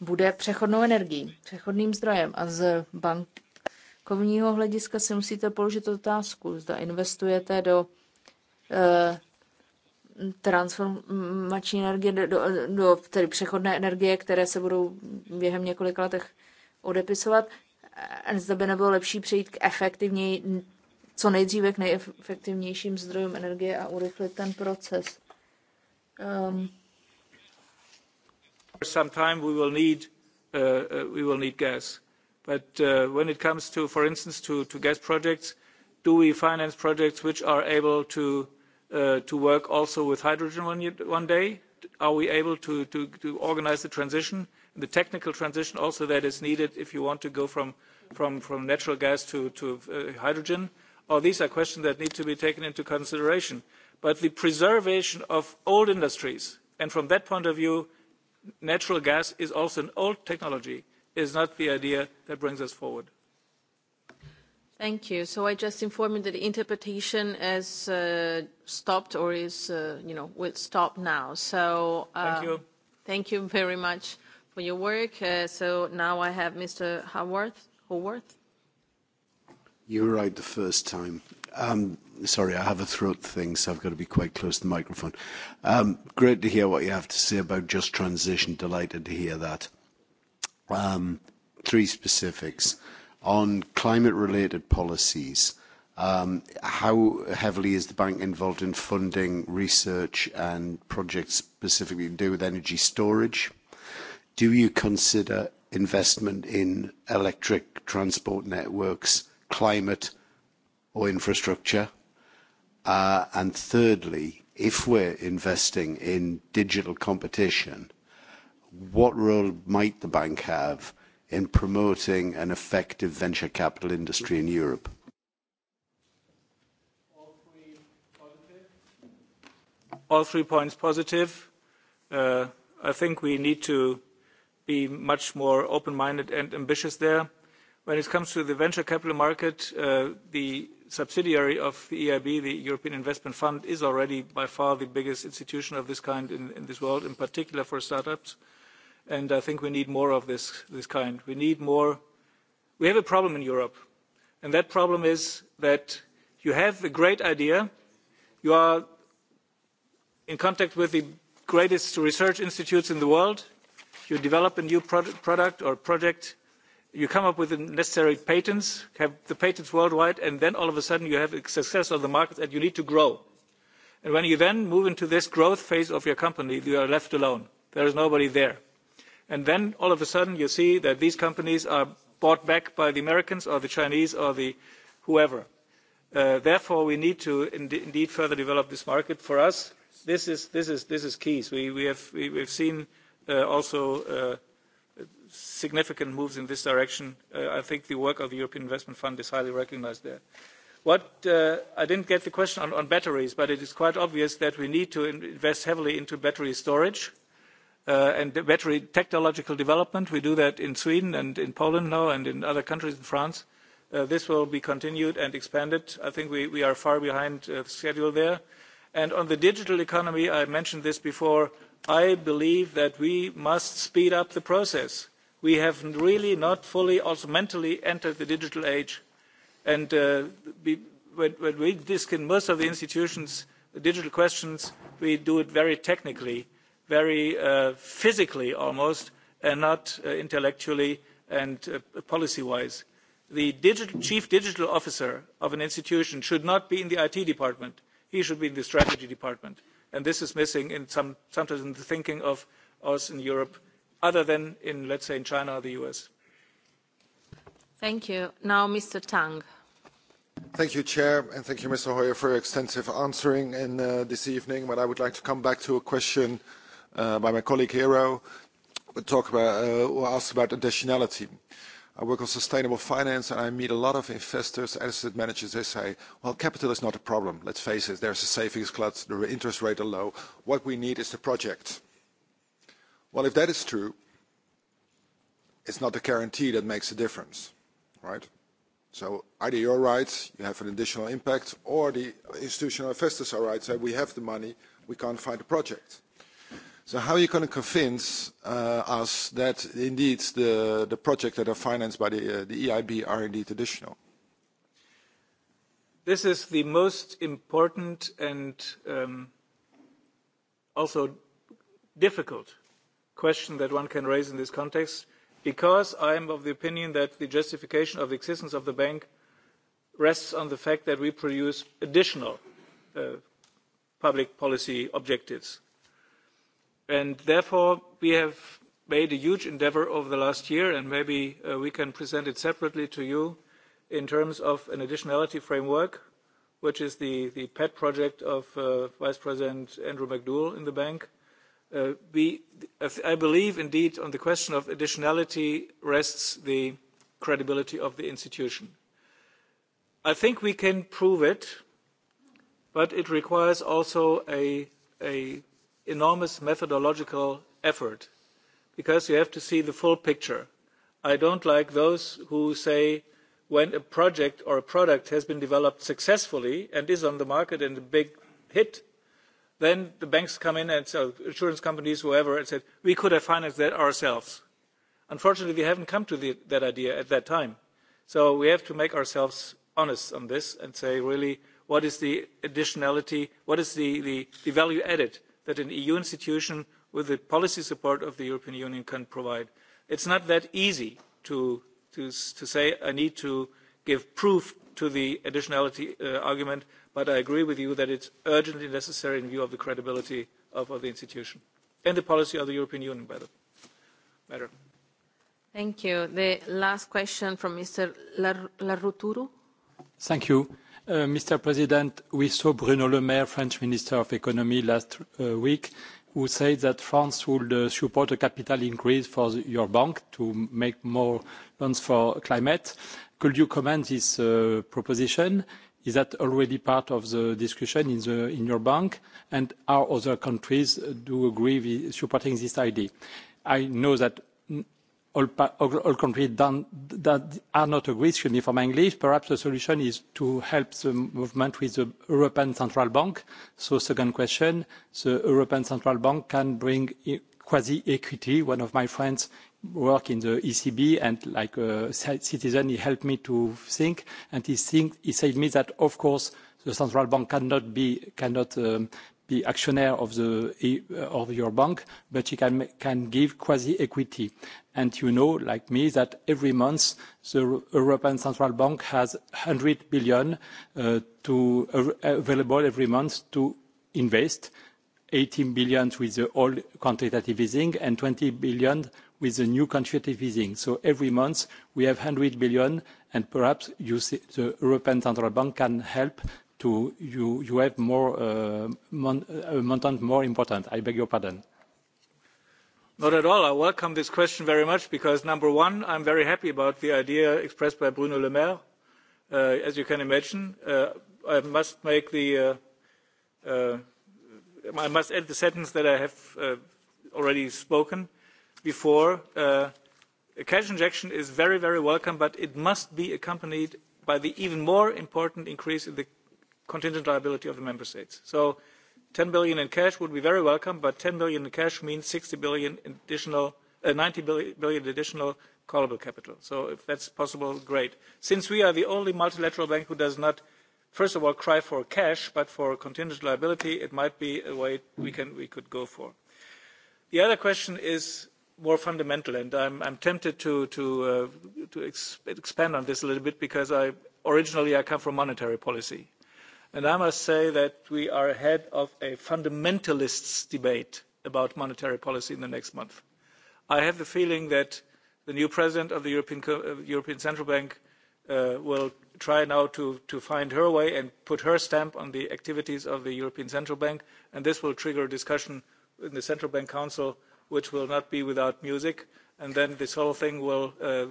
bude přechodnou energií, přechodným zdrojem. A z bankovního hlediska si musíte položit otázku, zda investujete do eh, transformační energie, do, do, do tedy přechodné energie, které se budou během několika letech odepisovat, zda by nebylo lepší přejít k efektivněji, co nejdříve k nejefektivnějším zdrojům energie a urychlit ten proces. Um, for some time we will need uh, uh, gas. But uh, when it comes to, for instance, gas projects, do we finance projects which are able to, work also with hydrogen one, day? Are we able to, organise the transition, the technical transition also that is needed if you want to go from, natural gas to, hydrogen? All these are questions that need to be taken into consideration. But the preservation of old industries, and from that point of view, natural gas is also an old technology is not the idea that brings us forward. Thank you. So I just inform you that the interpretation has uh, stopped or is, uh, you know, will stop now. So uh, thank you. Thank you very much for your work. Uh, so now I have Mr. Haworth. Haworth. You were right the first time. Um, sorry, I have a throat thing, so I've got to be quite close to the microphone. Um, great to hear what you have to say about just transition. Delighted to hear that. Um, three specifics on climate-related policies. how heavily is the bank involved in funding research and projects specifically to do with energy storage? Do you consider investment in electric transport networks, climate, or infrastructure. Uh, and thirdly, if we're investing in digital competition, what role might the bank have in promoting an effective venture capital industry in Europe? All three positive. All three points positive. Uh, I think we need to be much more open-minded and ambitious there. When it comes to the venture capital market, uh, the subsidiary of the EIB, the European Investment Fund, is already by far the biggest institution of this kind in, this world, in particular for startups. And I think we need more of this, this kind. We need more. We have a problem in Europe. And that problem is that you have a great idea. You are in contact with the greatest research institutes in the world. You develop a new product or project you come up with the necessary patents, have the patents worldwide, and then all of a sudden you have success on the market and you need to grow. And when you then move into this growth phase of your company, you are left alone. There is nobody there. And then all of a sudden you see that these companies are bought back by the Americans or the Chinese or the whoever. Uh, therefore, we need to ind indeed further develop this market. For us, this is, this is, this is key. So we, we have, we, we've seen uh, also uh, significant moves in this direction. Uh, I think the work of the European Investment Fund is highly recognized there. What uh, I didn't get the question on, on batteries, but it is quite obvious that we need to invest heavily into battery storage uh, and battery technological development. We do that in Sweden and in Poland now and in other countries in France. Uh, this will be continued and expanded. I think we, we are far behind uh, schedule there. And on the digital economy, I mentioned this before, I believe that we must speed up the process we have really not fully also mentally entered the digital age. And uh, when, we discuss most of the institutions, the digital questions, we do it very technically, very uh, physically almost, and not uh, intellectually and policy-wise. The chief digital officer of an institution should not be in the IT department. He should be in the strategy department. And this is missing sometimes in the thinking of us in Europe other than in, let's say, in China or the US. Thank you. Now, Mr. Tang. Thank you, Chair, and thank you, Mr. Hoyer, for your extensive answering in, uh, this evening. But I would like to come back to a question uh, by my colleague Hero, who, uh, who asked about additionality. I work on sustainable finance and I meet a lot of investors, asset managers. They say, well, capital is not a problem. Let's face it, there's a savings glut, the interest rates are low. What we need is the project. Well, if that is true, it's not a guarantee that makes a difference, right? So either you're right, you have an additional impact, or the institutional investors are right, say we have the money, we can't find a project. So how are you going to convince uh, us that indeed the, the projects that are financed by the, uh, the EIB are indeed additional? This is the most important and um, also difficult question that one can raise in this context because i am of the opinion that the justification of the existence of the bank rests on the fact that we produce additional uh, public policy objectives. And therefore, we have made a huge endeavour over the last year, and maybe uh, we can present it separately to you in terms of an additionality framework, which is the, pet project of uh, Vice President Andrew McDougall in the bank, Uh, we, I believe, indeed, on the question of additionality rests the credibility of the institution. I think we can prove it, but it requires also a, a enormous methodological effort because you have to see the full picture. I don't like those who say when a project or a product has been developed successfully and is on the market and a big hit, Then the banks come in and so insurance companies, whoever, and said, we could have financed that ourselves. Unfortunately, we haven't come to the, that idea at that time. So we have to make ourselves honest on this and say, really, what is the additionality, what is the, the, the value added that an EU institution with the policy support of the European Union can provide? It's not that easy to, to, to say, I need to give proof to the additionality uh, argument but I agree with you that it's urgently necessary in view of the credibility of, of the institution and the policy of the European Union, by the matter. Thank you. The last question from Mr. Lar Thank you. Uh, Mr. President, we saw Bruno Le Maire, French Minister of Economy, last uh, week, who said that France would uh, support a capital increase for the, your bank to make more loans for climate. Could you comment this uh, proposition? Is that already part of the discussion in, the, in your bank? And are other countries do agree with supporting this idea? I know that all, all, all countries that are not agree, excuse me for my English, perhaps the solution is to help the movement with the European Central Bank. So second question, the European Central Bank can bring e-, quasi-equity. One of my friends work in the ECB and like a citizen, he helped me to think. And he, think, he said me that, of course, the central bank cannot be, cannot, um, be actionnaire of, the, e, uh, of your bank, but you can, can give quasi-equity. And you know, like me, that every month, the European Central Bank has 100 billion uh, to, uh, available every month to invest, 18 billion with the old quantitative easing and 20 billion with the new quantitative easing. So every month, we have 100 billion, and perhaps you see the European Central Bank can help to you, you have more uh, uh more important. I beg your pardon. Not at all. I welcome this question very much because, number one, I'm very happy about the idea expressed by Bruno Le Maire. Uh, as you can imagine, uh, I must make the I must end the sentence that I have already spoken before, uh, a cash injection is very, very welcome, but it must be accompanied by the even more important increase in the contingent liability of the member states. So 10 billion in cash would be very welcome, but 10 billion in cash means 60 billion additional, uh, 90 billion additional callable capital. So if that's possible, great. Since we are the only multilateral bank who does not, first of all, cry for cash, but for contingent liability, it might be a way we, can, we could go for. The other question is more fundamental, and I'm, I'm tempted to, to, uh, to ex expand on this a little bit because I, originally I come from monetary policy. And I must say that we are ahead of a fundamentalists debate about monetary policy in the next month. I have the feeling that the new president of the European, uh, European Central Bank uh, will try now to, to find her way and put her stamp on the activities of the European Central Bank, and this will trigger a discussion in the Central Bank Council which will not be without music. And then this whole thing will uh,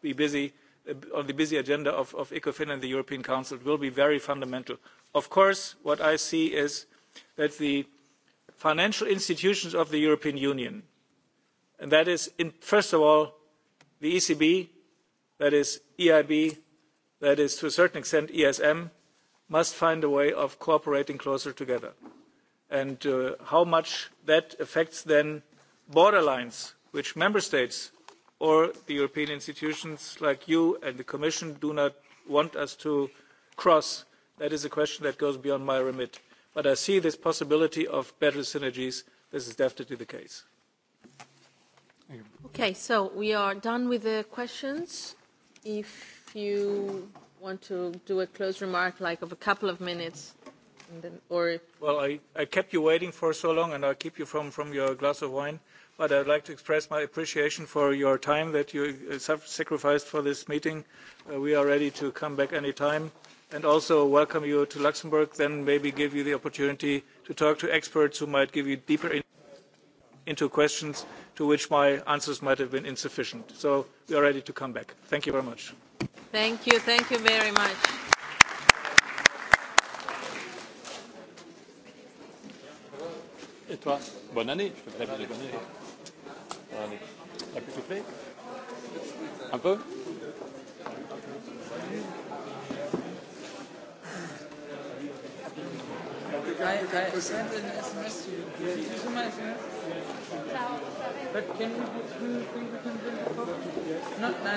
be busy uh, on the busy agenda of, of ECOFIN and the European Council will be very fundamental. Of course, what I see is that the financial institutions of the European Union, and that is, in, first of all, the ECB, that is EIB, that is to a certain extent ESM, must find a way of cooperating closer together. And uh, how much that affects then borderlines which member states or the european institutions like you and the commission do not want us to cross that is a question that goes beyond my remit but i see this possibility of better synergies this is definitely the case. okay so we are done with the questions if you want to do a close remark like of a couple of minutes Then, or well, I, I kept you waiting for so long, and I keep you from from your glass of wine. But I'd like to express my appreciation for your time that you uh, sacrificed for this meeting. Uh, we are ready to come back any time, and also welcome you to Luxembourg. Then maybe give you the opportunity to talk to experts who might give you deeper. In into questions to which my answers might have been insufficient. So we are ready to come back. Thank you very much. Thank you. Thank you very much. Et toi Bonne année. Je te fais la bonne année. Bonne année. T'as pu souffler Un peu But can we, can we, can we,